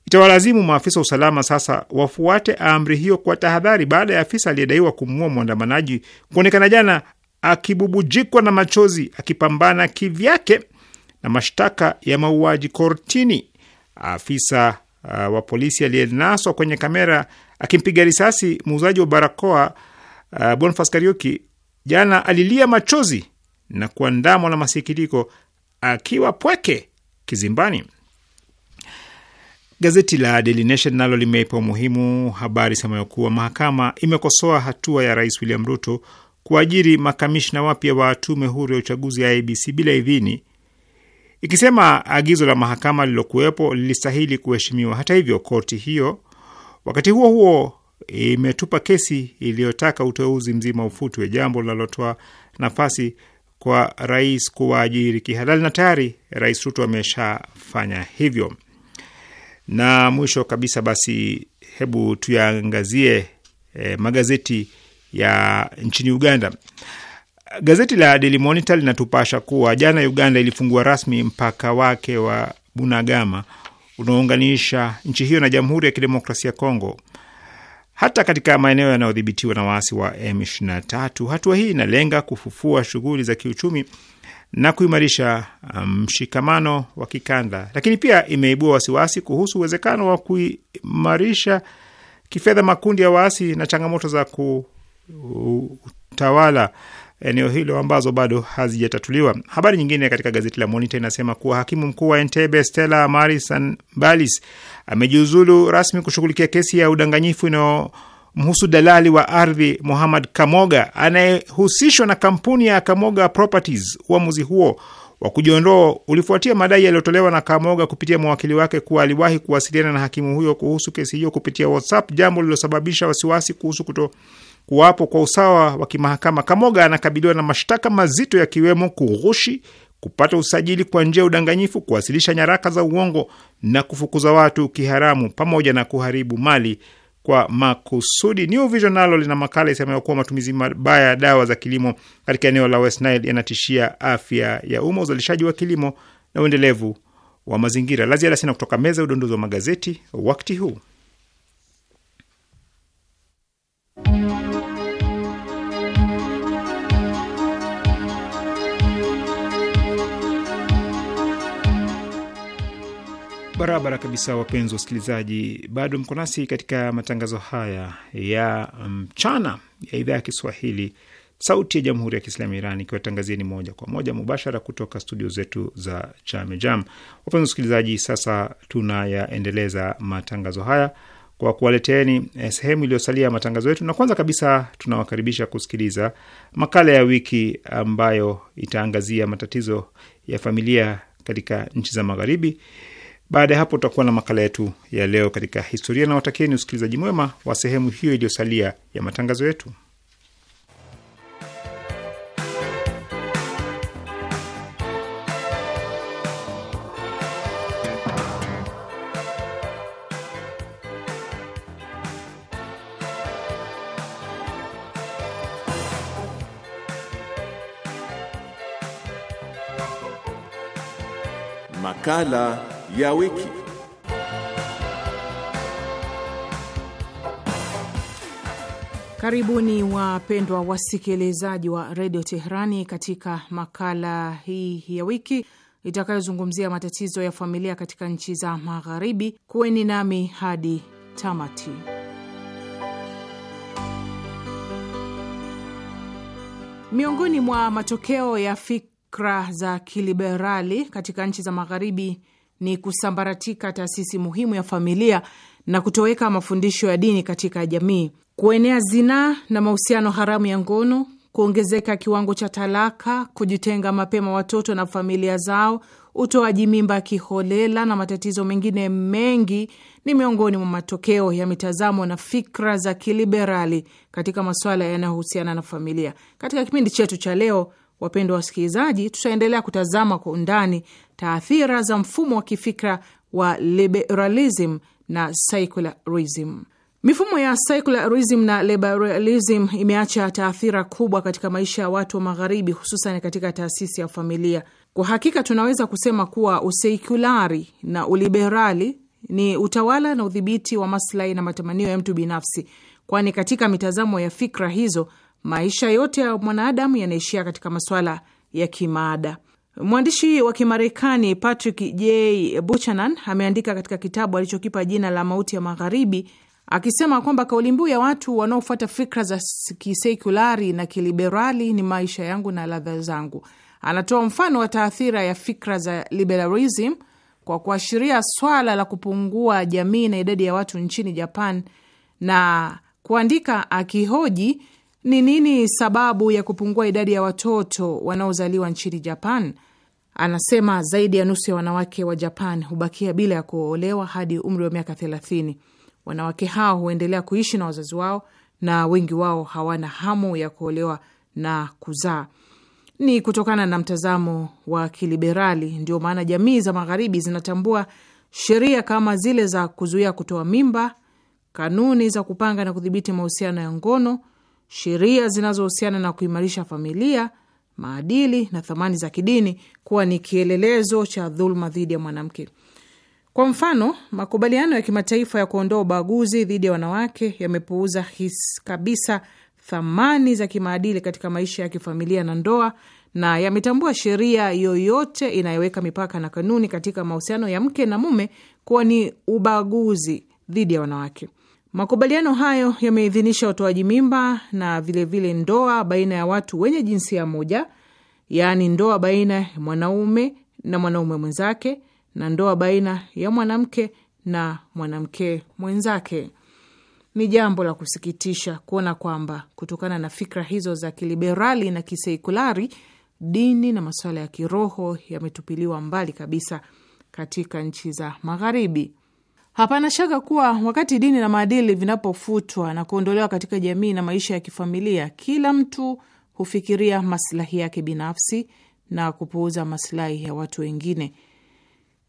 itawalazimu maafisa wa usalama sasa wafuate amri hiyo kwa tahadhari, baada ya afisa aliyedaiwa kumuua mwandamanaji kuonekana jana akibubujikwa na machozi akipambana kivyake na mashtaka ya mauaji kortini. Afisa uh, wa polisi aliyenaswa kwenye kamera akimpiga risasi muuzaji wa barakoa uh, Bonfas Karioki jana alilia machozi na kuandamwa na masikitiko akiwa pweke kizimbani. Gazeti la Daily Nation nalo limeipa umuhimu habari semayo kuwa mahakama imekosoa hatua ya Rais William Ruto kuajiri makamishna wapya wa tume huru ya uchaguzi ya IBC bila idhini, ikisema agizo la mahakama lililokuwepo lilistahili kuheshimiwa. Hata hivyo, korti hiyo wakati huo huo imetupa kesi iliyotaka uteuzi mzima ufutwe, jambo linalotoa nafasi kwa rais kuwaajiri kihalali, na tayari Rais Ruto ameshafanya hivyo. Na mwisho kabisa, basi hebu tuyaangazie eh, magazeti ya nchini Uganda. Gazeti la Daily Monitor linatupasha kuwa jana Uganda ilifungua rasmi mpaka wake wa Bunagama unaounganisha nchi hiyo na Jamhuri ya Kidemokrasia ya Kongo, hata katika maeneo yanayodhibitiwa na waasi wa M23. Hatua hii inalenga kufufua shughuli za kiuchumi na kuimarisha um, mshikamano um, wa kikanda, lakini pia imeibua wasiwasi kuhusu uwezekano wa kuimarisha kifedha makundi ya waasi na changamoto za ku utawala eneo hilo ambazo bado hazijatatuliwa. Habari nyingine katika gazeti la Monitor inasema kuwa hakimu mkuu wa Entebbe Stella Amari Balis amejiuzulu rasmi kushughulikia kesi ya udanganyifu inayomhusu dalali wa ardhi Muhammad Kamoga anayehusishwa na kampuni ya Kamoga Properties. Uamuzi huo wa kujiondoa ulifuatia madai yaliyotolewa na Kamoga kupitia mawakili wake kuwa aliwahi kuwasiliana na hakimu huyo kuhusu kesi hiyo kupitia WhatsApp, jambo lililosababisha wasiwasi kuhusu kuto kuwapo kwa usawa wa kimahakama, Kamoga anakabiliwa na mashtaka mazito yakiwemo kughushi, kupata usajili kwa njia ya udanganyifu, kuwasilisha nyaraka za uongo na kufukuza watu kiharamu, pamoja na kuharibu mali kwa makusudi. New Vision nalo lina makala isemayo kuwa matumizi mabaya ya dawa za kilimo katika eneo la West Nile yanatishia afya ya umma, uzalishaji wa kilimo na uendelevu wa mazingira. La ziada sina kutoka meza ya udondozi wa magazeti wakati huu. Barabara kabisa, wapenzi wasikilizaji, bado mko nasi katika matangazo haya ya mchana um, ya idhaa ya Kiswahili Sauti ya Jamhuri ya Kiislamu ya Iran ni moja kwa moja mubashara kutoka studio zetu za Jamejam. Wapenzi wasikilizaji, sasa tunayaendeleza matangazo haya kwa kuwaleteeni eh, sehemu iliyosalia ya matangazo yetu, na kwanza kabisa tunawakaribisha kusikiliza makala ya wiki ambayo itaangazia matatizo ya familia katika nchi za Magharibi. Baada ya hapo tutakuwa na makala yetu ya leo katika historia, na watakieni usikilizaji mwema wa sehemu hiyo iliyosalia ya matangazo yetu. Makala ya wiki. Karibuni wapendwa wasikilizaji wa redio Teherani katika makala hii ya wiki itakayozungumzia matatizo ya familia katika nchi za Magharibi. Kuweni nami hadi tamati. Miongoni mwa matokeo ya fikra za kiliberali katika nchi za Magharibi ni kusambaratika taasisi muhimu ya familia na kutoweka mafundisho ya dini katika jamii, kuenea zinaa na mahusiano haramu ya ngono, kuongezeka kiwango cha talaka, kujitenga mapema watoto na familia zao, utoaji mimba kiholela na matatizo mengine mengi ni miongoni mwa matokeo ya mitazamo na fikra za kiliberali katika masuala yanayohusiana na familia. Katika kipindi chetu cha leo Wapendwa wasikilizaji, tutaendelea kutazama kwa undani taathira za mfumo wa kifikra wa liberalism na secularism. Mifumo ya secularism na liberalism imeacha taathira kubwa katika maisha ya watu wa Magharibi, hususan katika taasisi ya familia. Kwa hakika tunaweza kusema kuwa usekulari na uliberali ni utawala na udhibiti wa maslahi na matamanio ya mtu binafsi, kwani katika mitazamo ya fikra hizo maisha yote ya mwanadamu yanaishia katika masuala ya kimaada. Mwandishi wa Kimarekani Patrick J Buchanan ameandika katika kitabu alichokipa jina la Mauti ya Magharibi akisema kwamba kauli mbiu ya watu wanaofuata fikra za kisekulari na kiliberali ni maisha yangu na ladha zangu. Anatoa mfano wa taathira ya fikra za liberalism kwa kuashiria swala la kupungua jamii na idadi ya watu nchini Japan na kuandika akihoji ni nini sababu ya kupungua idadi ya watoto wanaozaliwa nchini Japan? Anasema zaidi ya nusu ya wanawake wa Japan hubakia bila ya kuolewa hadi umri wa miaka thelathini. Wanawake hao huendelea kuishi na wazazi wao na wengi wao hawana hamu ya kuolewa na kuzaa. Ni kutokana na mtazamo wa kiliberali, ndio maana jamii za magharibi zinatambua sheria kama zile za kuzuia kutoa mimba, kanuni za kupanga na kudhibiti mahusiano ya ngono sheria zinazohusiana na kuimarisha familia, maadili na thamani za kidini kuwa ni kielelezo cha dhuluma dhidi ya mwanamke. Kwa mfano, makubaliano ya kimataifa ya kuondoa ubaguzi dhidi ya wanawake yamepuuza kabisa thamani za kimaadili katika maisha ya kifamilia na ndoa na yametambua sheria yoyote inayoweka mipaka na kanuni katika mahusiano ya mke na mume kuwa ni ubaguzi dhidi ya wanawake. Makubaliano hayo yameidhinisha utoaji mimba na vilevile vile ndoa baina ya watu wenye jinsia moja, yaani ndoa baina ya mwanaume na mwanaume mwenzake na ndoa baina ya mwanamke na mwanamke mwenzake. Ni jambo la kusikitisha kuona kwamba kutokana na fikra hizo za kiliberali na kisekulari, dini na masuala ya kiroho yametupiliwa mbali kabisa katika nchi za Magharibi. Hapana shaka kuwa wakati dini na maadili vinapofutwa na kuondolewa katika jamii na maisha ya kifamilia, kila mtu hufikiria maslahi yake binafsi na kupuuza maslahi ya watu wengine.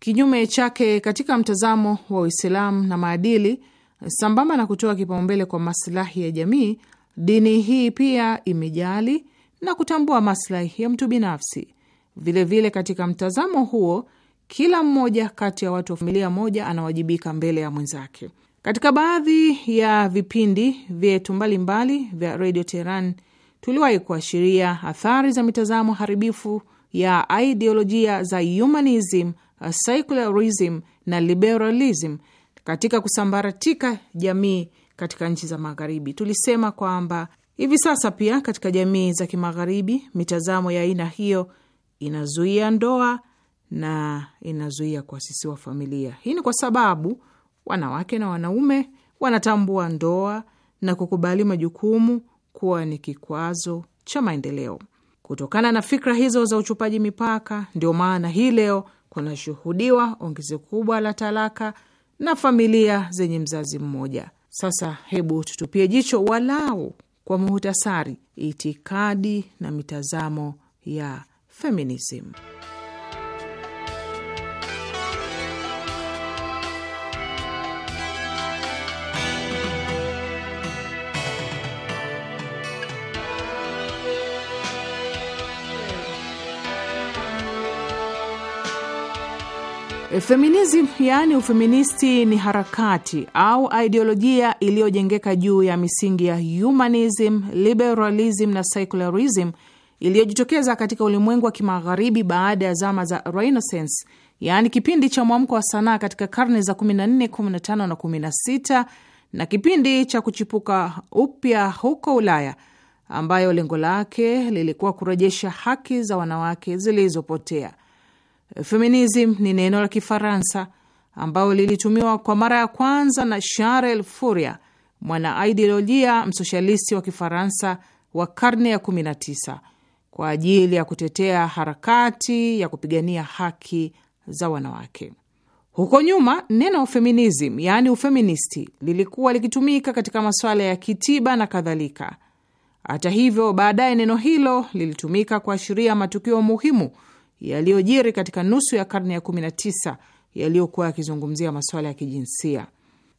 Kinyume chake, katika mtazamo wa Uislamu na maadili, sambamba na kutoa kipaumbele kwa maslahi ya jamii, dini hii pia imejali na kutambua maslahi ya mtu binafsi. Vilevile, katika mtazamo huo kila mmoja kati ya watu wa familia moja anawajibika mbele ya mwenzake. Katika baadhi ya vipindi vyetu mbalimbali vya redio tehran tuliwahi kuashiria athari za mitazamo haribifu ya ideolojia za humanism, secularism na liberalism katika kusambaratika jamii katika nchi za Magharibi. Tulisema kwamba hivi sasa pia katika jamii za Kimagharibi mitazamo ya aina hiyo inazuia ndoa na inazuia kuasisiwa familia. Hii ni kwa sababu wanawake na wanaume wanatambua ndoa na kukubali majukumu kuwa ni kikwazo cha maendeleo. Kutokana na fikra hizo za uchupaji mipaka, ndio maana hii leo kunashuhudiwa ongezeko kubwa la talaka na familia zenye mzazi mmoja. Sasa hebu tutupie jicho walau kwa muhtasari itikadi na mitazamo ya feminism. Feminism yaani ufeministi ni harakati au ideolojia iliyojengeka juu ya misingi ya humanism, liberalism na secularism iliyojitokeza katika ulimwengu wa kimagharibi baada ya zama za Renaissance, yaani kipindi cha mwamko wa sanaa katika karne za 14, 15 na 16 na kipindi cha kuchipuka upya huko Ulaya, ambayo lengo lake lilikuwa kurejesha haki za wanawake zilizopotea. Feminism ni neno la Kifaransa ambayo lilitumiwa kwa mara ya kwanza na Charles Fourier, ideolojia msoshalisti wa Kifaransa wa karne ya 19 kwa ajili ya kutetea harakati ya kupigania haki za wanawake. Huko nyuma neno feminism, yaani ufeministi, lilikuwa likitumika katika masuala ya kitiba na kadhalika. Hata hivyo, baadaye neno hilo lilitumika kuashiria matukio muhimu yaliyojiri katika nusu ya karne ya 19 yaliyokuwa yakizungumzia masuala ya kijinsia.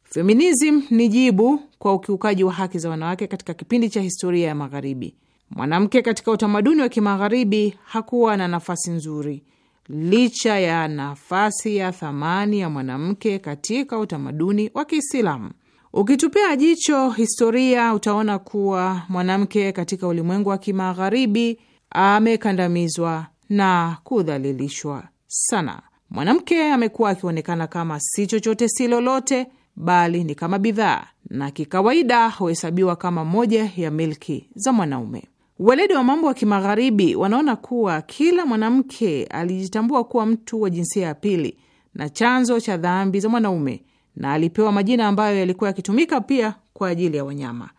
Feminism ni jibu kwa ukiukaji wa haki za wanawake katika kipindi cha historia ya Magharibi. Mwanamke katika utamaduni wa kimagharibi hakuwa na nafasi nzuri, licha ya nafasi ya thamani ya mwanamke katika utamaduni wa Kiislamu. Ukitupia jicho historia, utaona kuwa mwanamke katika ulimwengu wa kimagharibi amekandamizwa na kudhalilishwa sana. Mwanamke amekuwa akionekana kama si chochote si lolote, bali ni kama bidhaa, na kikawaida huhesabiwa kama moja ya milki za mwanaume. Weledi wa mambo wa kimagharibi wanaona kuwa kila mwanamke alijitambua kuwa mtu wa jinsia ya pili na chanzo cha dhambi za mwanaume, na alipewa majina ambayo yalikuwa yakitumika pia kwa ajili ya wanyama.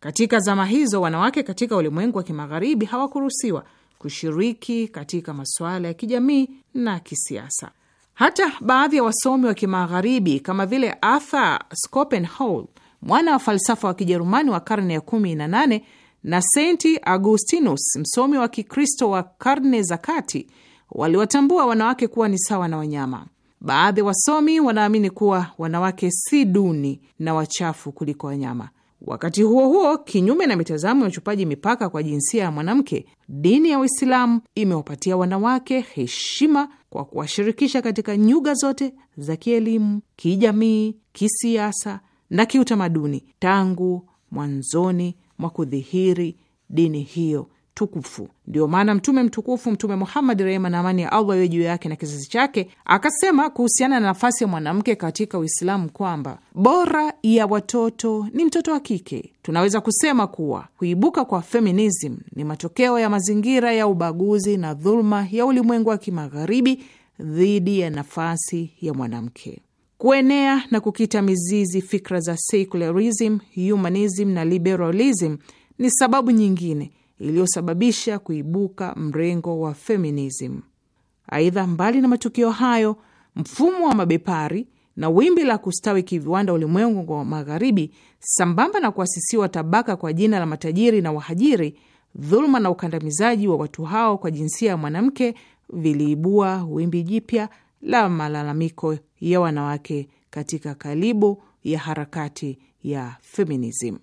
Katika zama hizo, wanawake katika ulimwengu wa kimagharibi hawakuruhusiwa kushiriki katika masuala ya kijamii na kisiasa. Hata baadhi ya wasomi wa kimagharibi kama vile Arthur Schopenhauer, mwana wa falsafa wa Kijerumani wa karne ya 18 na st Augustinus, msomi wa Kikristo wa karne za kati, waliwatambua wanawake kuwa ni sawa na wanyama. Baadhi ya wasomi wanaamini kuwa wanawake si duni na wachafu kuliko wanyama. Wakati huo huo, kinyume na mitazamo ya uchupaji mipaka kwa jinsia ya mwanamke, dini ya Uislamu imewapatia wanawake heshima kwa kuwashirikisha katika nyuga zote za kielimu, kijamii, kisiasa na kiutamaduni tangu mwanzoni mwa kudhihiri dini hiyo tukufu. Ndiyo maana mtume mtukufu Mtume Muhammad, rehema na amani ya Allah iwe juu yake na kizazi chake, akasema kuhusiana na nafasi ya mwanamke katika Uislamu kwamba bora ya watoto ni mtoto wa kike. Tunaweza kusema kuwa kuibuka kwa feminism ni matokeo ya mazingira ya ubaguzi na dhuluma ya ulimwengu wa kimagharibi dhidi ya nafasi ya mwanamke. Kuenea na kukita mizizi fikra za secularism, humanism na liberalism ni sababu nyingine iliyosababisha kuibuka mrengo wa feminism. Aidha, mbali na matukio hayo, mfumo wa mabepari na wimbi la kustawi kiviwanda ulimwengu wa Magharibi, sambamba na kuasisiwa tabaka kwa jina la matajiri na wahajiri, dhuluma na ukandamizaji wa watu hao kwa jinsia ya mwanamke viliibua wimbi jipya la malalamiko ya wanawake katika kalibu ya harakati ya feminism.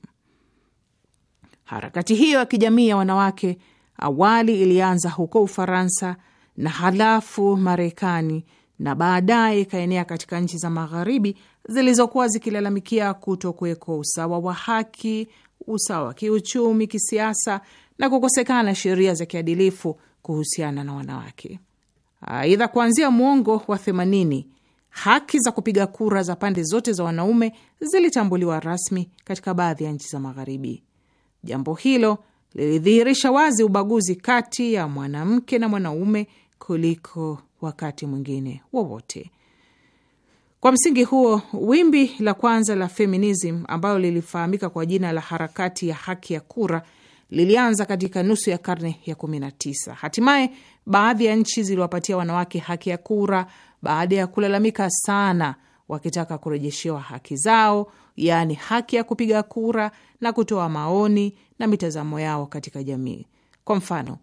Harakati hiyo ya kijamii ya wanawake awali ilianza huko Ufaransa na halafu Marekani na baadaye ikaenea katika nchi za Magharibi zilizokuwa zikilalamikia kuto kuweko usawa wa haki, usawa wa kiuchumi, kisiasa na kukosekana sheria za kiadilifu kuhusiana na wanawake. Aidha, kuanzia mwongo wa themanini haki za kupiga kura za pande zote za wanaume zilitambuliwa rasmi katika baadhi ya nchi za Magharibi. Jambo hilo lilidhihirisha wazi ubaguzi kati ya mwanamke na mwanaume kuliko wakati mwingine wowote. Kwa msingi huo, wimbi la kwanza la feminism ambalo lilifahamika kwa jina la harakati ya haki ya kura lilianza katika nusu ya karne ya 19. Hatimaye baadhi ya nchi ziliwapatia wanawake haki ya kura baada ya kulalamika sana wakitaka kurejeshewa haki zao, yaani haki ya kupiga kura na kutoa maoni na mitazamo yao katika jamii. Kwa mfano,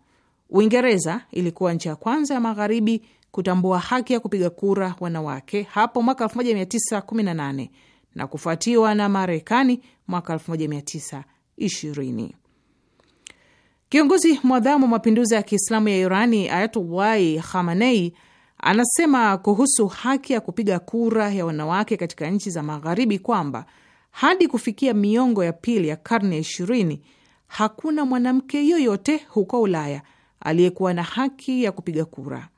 Uingereza ilikuwa nchi ya kwanza ya magharibi kutambua haki ya kupiga kura wanawake hapo mwaka 1918 na kufuatiwa na Marekani mwaka 1920. Kiongozi mwadhamu wa mapinduzi ya Kiislamu ya Irani Ayatullahi Khamenei Anasema kuhusu haki ya kupiga kura ya wanawake katika nchi za Magharibi kwamba hadi kufikia miongo ya pili ya karne ya ishirini hakuna mwanamke yoyote huko Ulaya aliyekuwa na haki ya kupiga kura.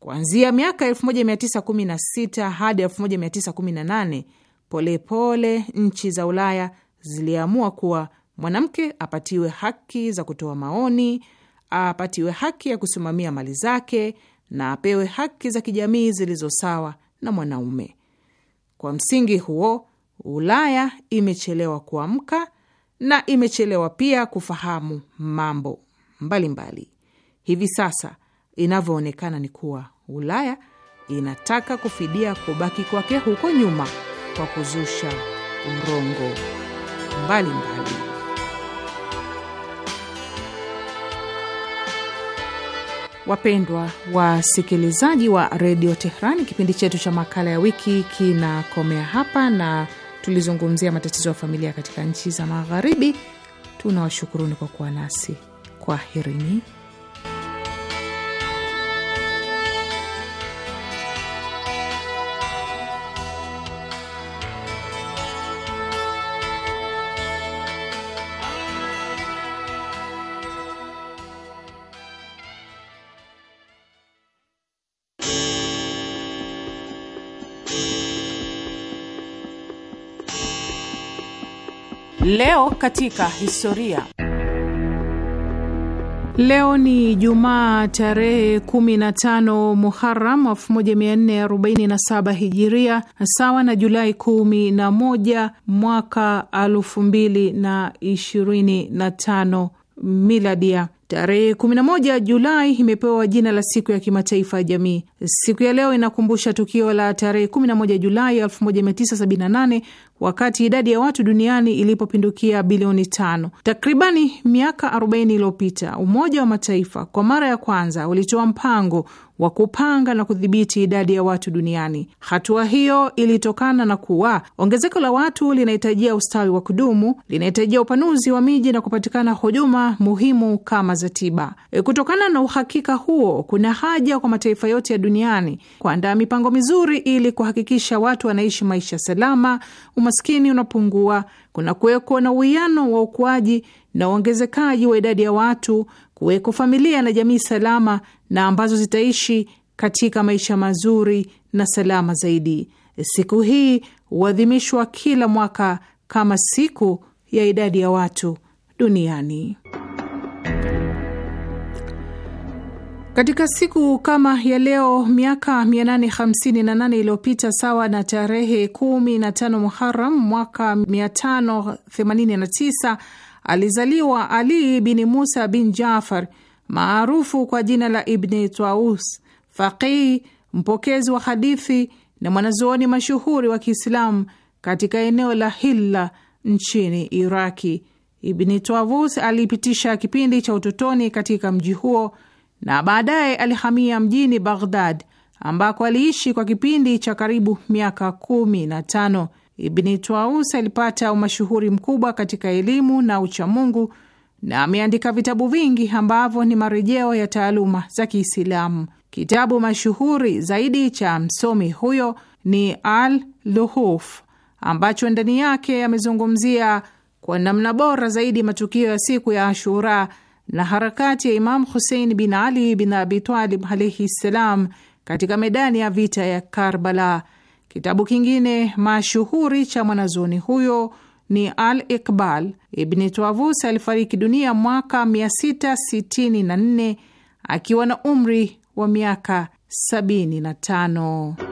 Kuanzia miaka 1916 hadi 1918, polepole nchi za Ulaya ziliamua kuwa mwanamke apatiwe haki za kutoa maoni, apatiwe haki ya kusimamia mali zake na apewe haki za kijamii zilizo sawa na mwanaume. Kwa msingi huo, Ulaya imechelewa kuamka na imechelewa pia kufahamu mambo mbalimbali mbali. Hivi sasa inavyoonekana ni kuwa Ulaya inataka kufidia kubaki kwake huko nyuma kwa kuzusha urongo mbalimbali mbali. Wapendwa wasikilizaji wa redio Tehrani, kipindi chetu cha makala ya wiki kinakomea hapa, na tulizungumzia matatizo ya familia katika nchi za Magharibi. Tunawashukuruni kwa kuwa nasi, kwaherini. Leo katika historia. Leo ni Jumaa tarehe 15 Muharam 1447 Hijiria, sawa na Julai 11 mwaka 2025 Miladia. Tarehe 11 Julai imepewa jina la siku ya kimataifa ya jamii. Siku ya leo inakumbusha tukio la tarehe 11 Julai 1978 wakati idadi ya watu duniani ilipopindukia bilioni tano. Takribani miaka 40 iliyopita, Umoja wa Mataifa kwa mara ya kwanza ulitoa mpango wa kupanga na kudhibiti idadi ya watu duniani. Hatua hiyo ilitokana na kuwa ongezeko la watu linahitajia ustawi wa kudumu, linahitajia upanuzi wa miji na kupatikana huduma muhimu kama za tiba. E, kutokana na uhakika huo, kuna haja kwa mataifa yote ya dunia duniani kuandaa mipango mizuri ili kuhakikisha watu wanaishi maisha salama, umaskini unapungua, kuna kuwekwa na uwiano wa ukuaji na uongezekaji wa idadi ya watu, kuwekwa familia na jamii salama na ambazo zitaishi katika maisha mazuri na salama zaidi. Siku hii huadhimishwa kila mwaka kama siku ya idadi ya watu duniani. Katika siku kama ya leo miaka 858 iliyopita sawa na tarehe 15 Muharam mwaka 589 alizaliwa Ali bin Musa bin Jafar maarufu kwa jina la Ibni Taus, faqihi mpokezi wa hadithi na mwanazuoni mashuhuri wa Kiislamu katika eneo la Hilla nchini Iraki. Ibni Taus alipitisha kipindi cha utotoni katika mji huo na baadaye alihamia mjini Baghdad ambako aliishi kwa kipindi cha karibu miaka kumi na tano. Ibni Twaus alipata umashuhuri mkubwa katika elimu na uchamungu na ameandika vitabu vingi ambavyo ni marejeo ya taaluma za Kiislamu. Kitabu mashuhuri zaidi cha msomi huyo ni Al Luhuf ambacho ndani yake amezungumzia kwa namna bora zaidi matukio ya siku ya Ashura na harakati ya Imam Husein bin Ali bin Abitalib alaihi ssalam katika medani ya vita ya Karbala. Kitabu kingine mashuhuri cha mwanazuoni huyo ni Al iqbal Ibni Twavus alifariki dunia mwaka 664 akiwa na umri wa miaka 75.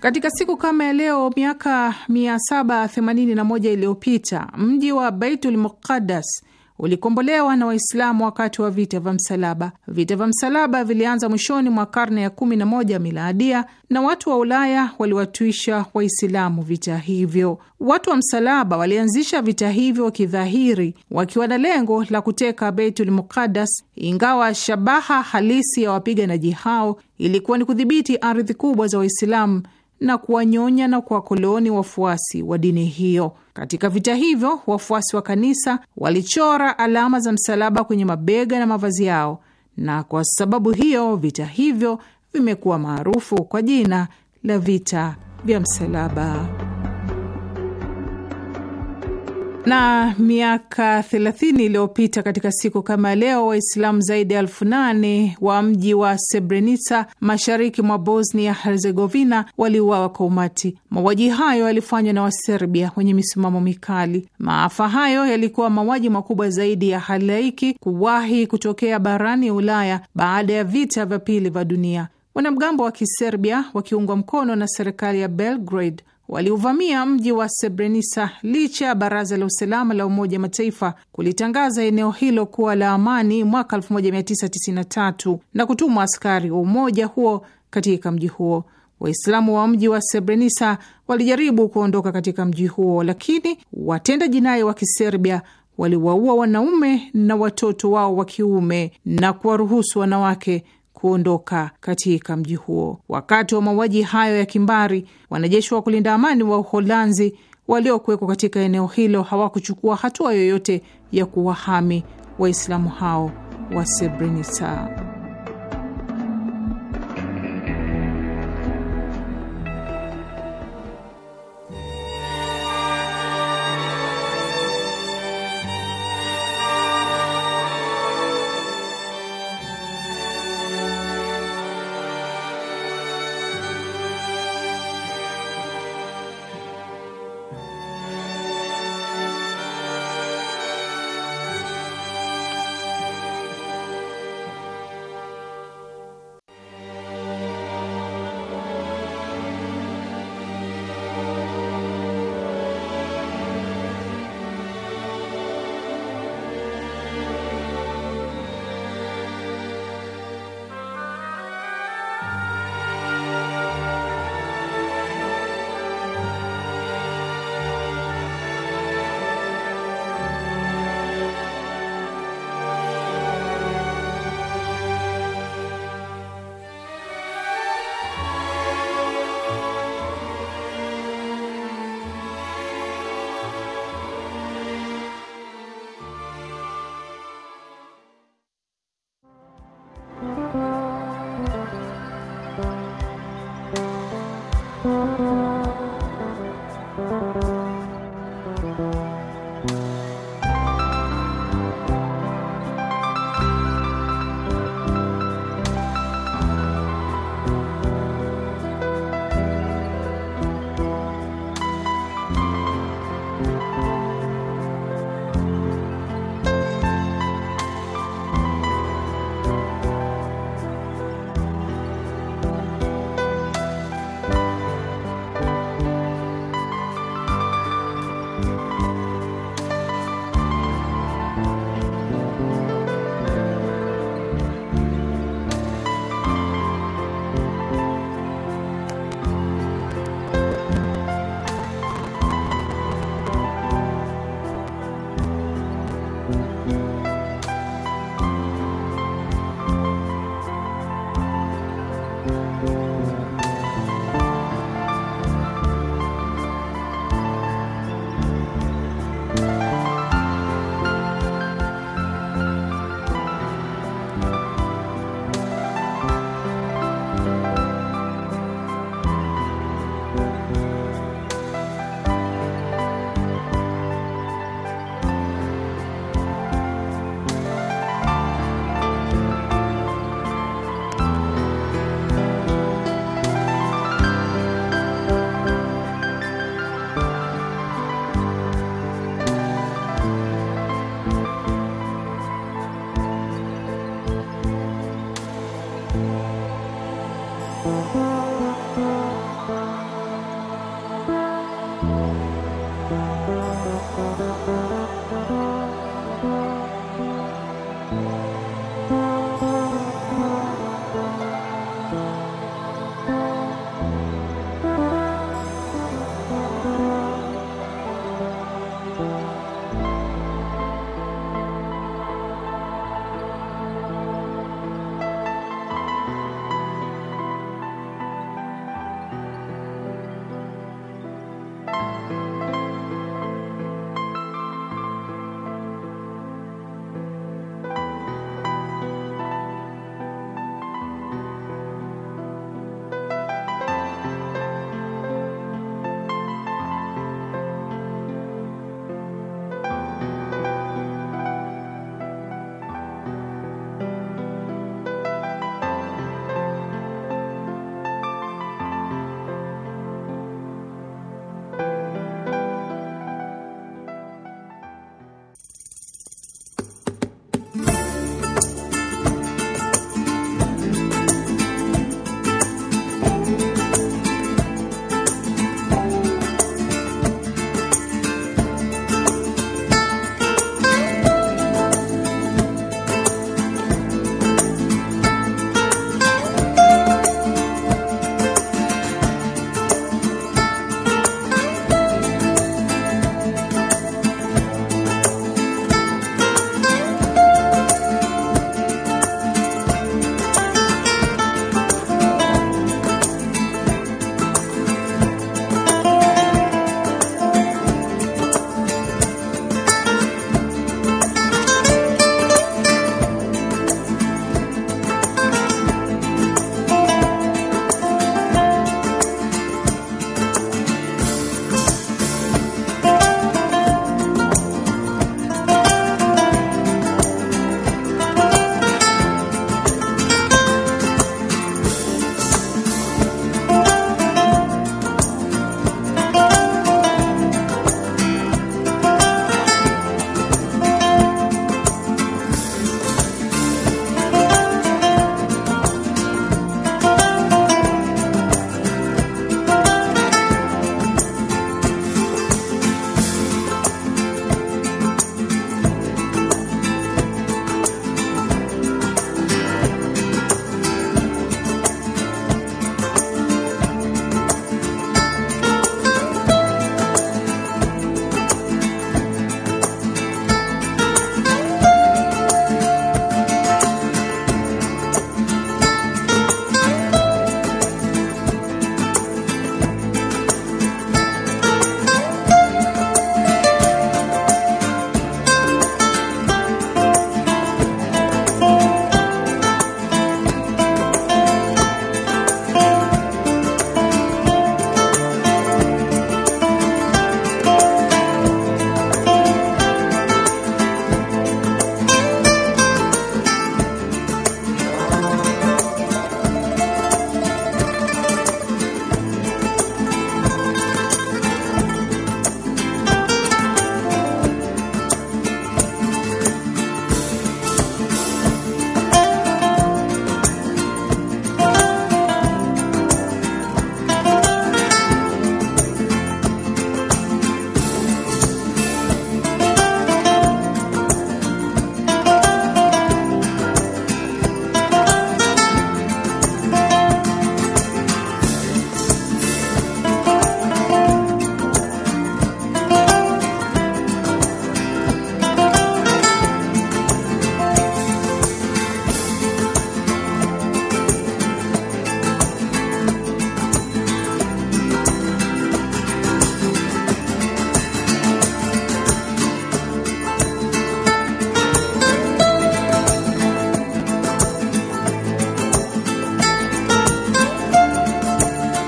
Katika siku kama ya leo miaka 781 iliyopita mji wa Baitul Muqaddas ulikombolewa na Waislamu wakati wa vita vya msalaba. Vita vya msalaba vilianza mwishoni mwa karne ya 11 miladia, na watu wa Ulaya waliwatwisha Waislamu vita hivyo. Watu wa msalaba walianzisha vita hivyo kidhahiri, wakiwa na lengo la kuteka Beitul Muqaddas, ingawa shabaha halisi ya wapiganaji hao ilikuwa ni kudhibiti ardhi kubwa za Waislamu na kuwanyonya na kuwakoloni wafuasi wa dini hiyo. Katika vita hivyo, wafuasi wa kanisa walichora alama za msalaba kwenye mabega na mavazi yao, na kwa sababu hiyo vita hivyo vimekuwa maarufu kwa jina la vita vya msalaba na miaka 30 iliyopita katika siku kama leo, Waislamu zaidi ya elfu nane wa mji wa Srebrenica mashariki mwa Bosnia Herzegovina waliuawa kwa umati. Mauaji hayo yalifanywa na Waserbia wenye misimamo mikali. Maafa hayo yalikuwa mauaji makubwa zaidi ya halaiki kuwahi kutokea barani Ulaya baada ya vita vya pili vya dunia. Wanamgambo wa Kiserbia wakiungwa mkono na serikali ya Belgrade waliuvamia mji wa Srebrenica licha ya baraza la usalama la Umoja wa Mataifa kulitangaza eneo hilo kuwa la amani mwaka 1993 na kutumwa askari wa umoja huo katika mji huo. Waislamu wa mji wa Srebrenica walijaribu kuondoka katika mji huo, lakini watenda jinai wa Kiserbia waliwaua wanaume na watoto wao wa kiume na kuwaruhusu wanawake kuondoka katika mji huo. Wakati wa mauaji hayo ya kimbari, wanajeshi wa kulinda amani wa Uholanzi waliokuwekwa katika eneo hilo hawakuchukua hatua yoyote ya kuwahami Waislamu hao wa Srebrenica.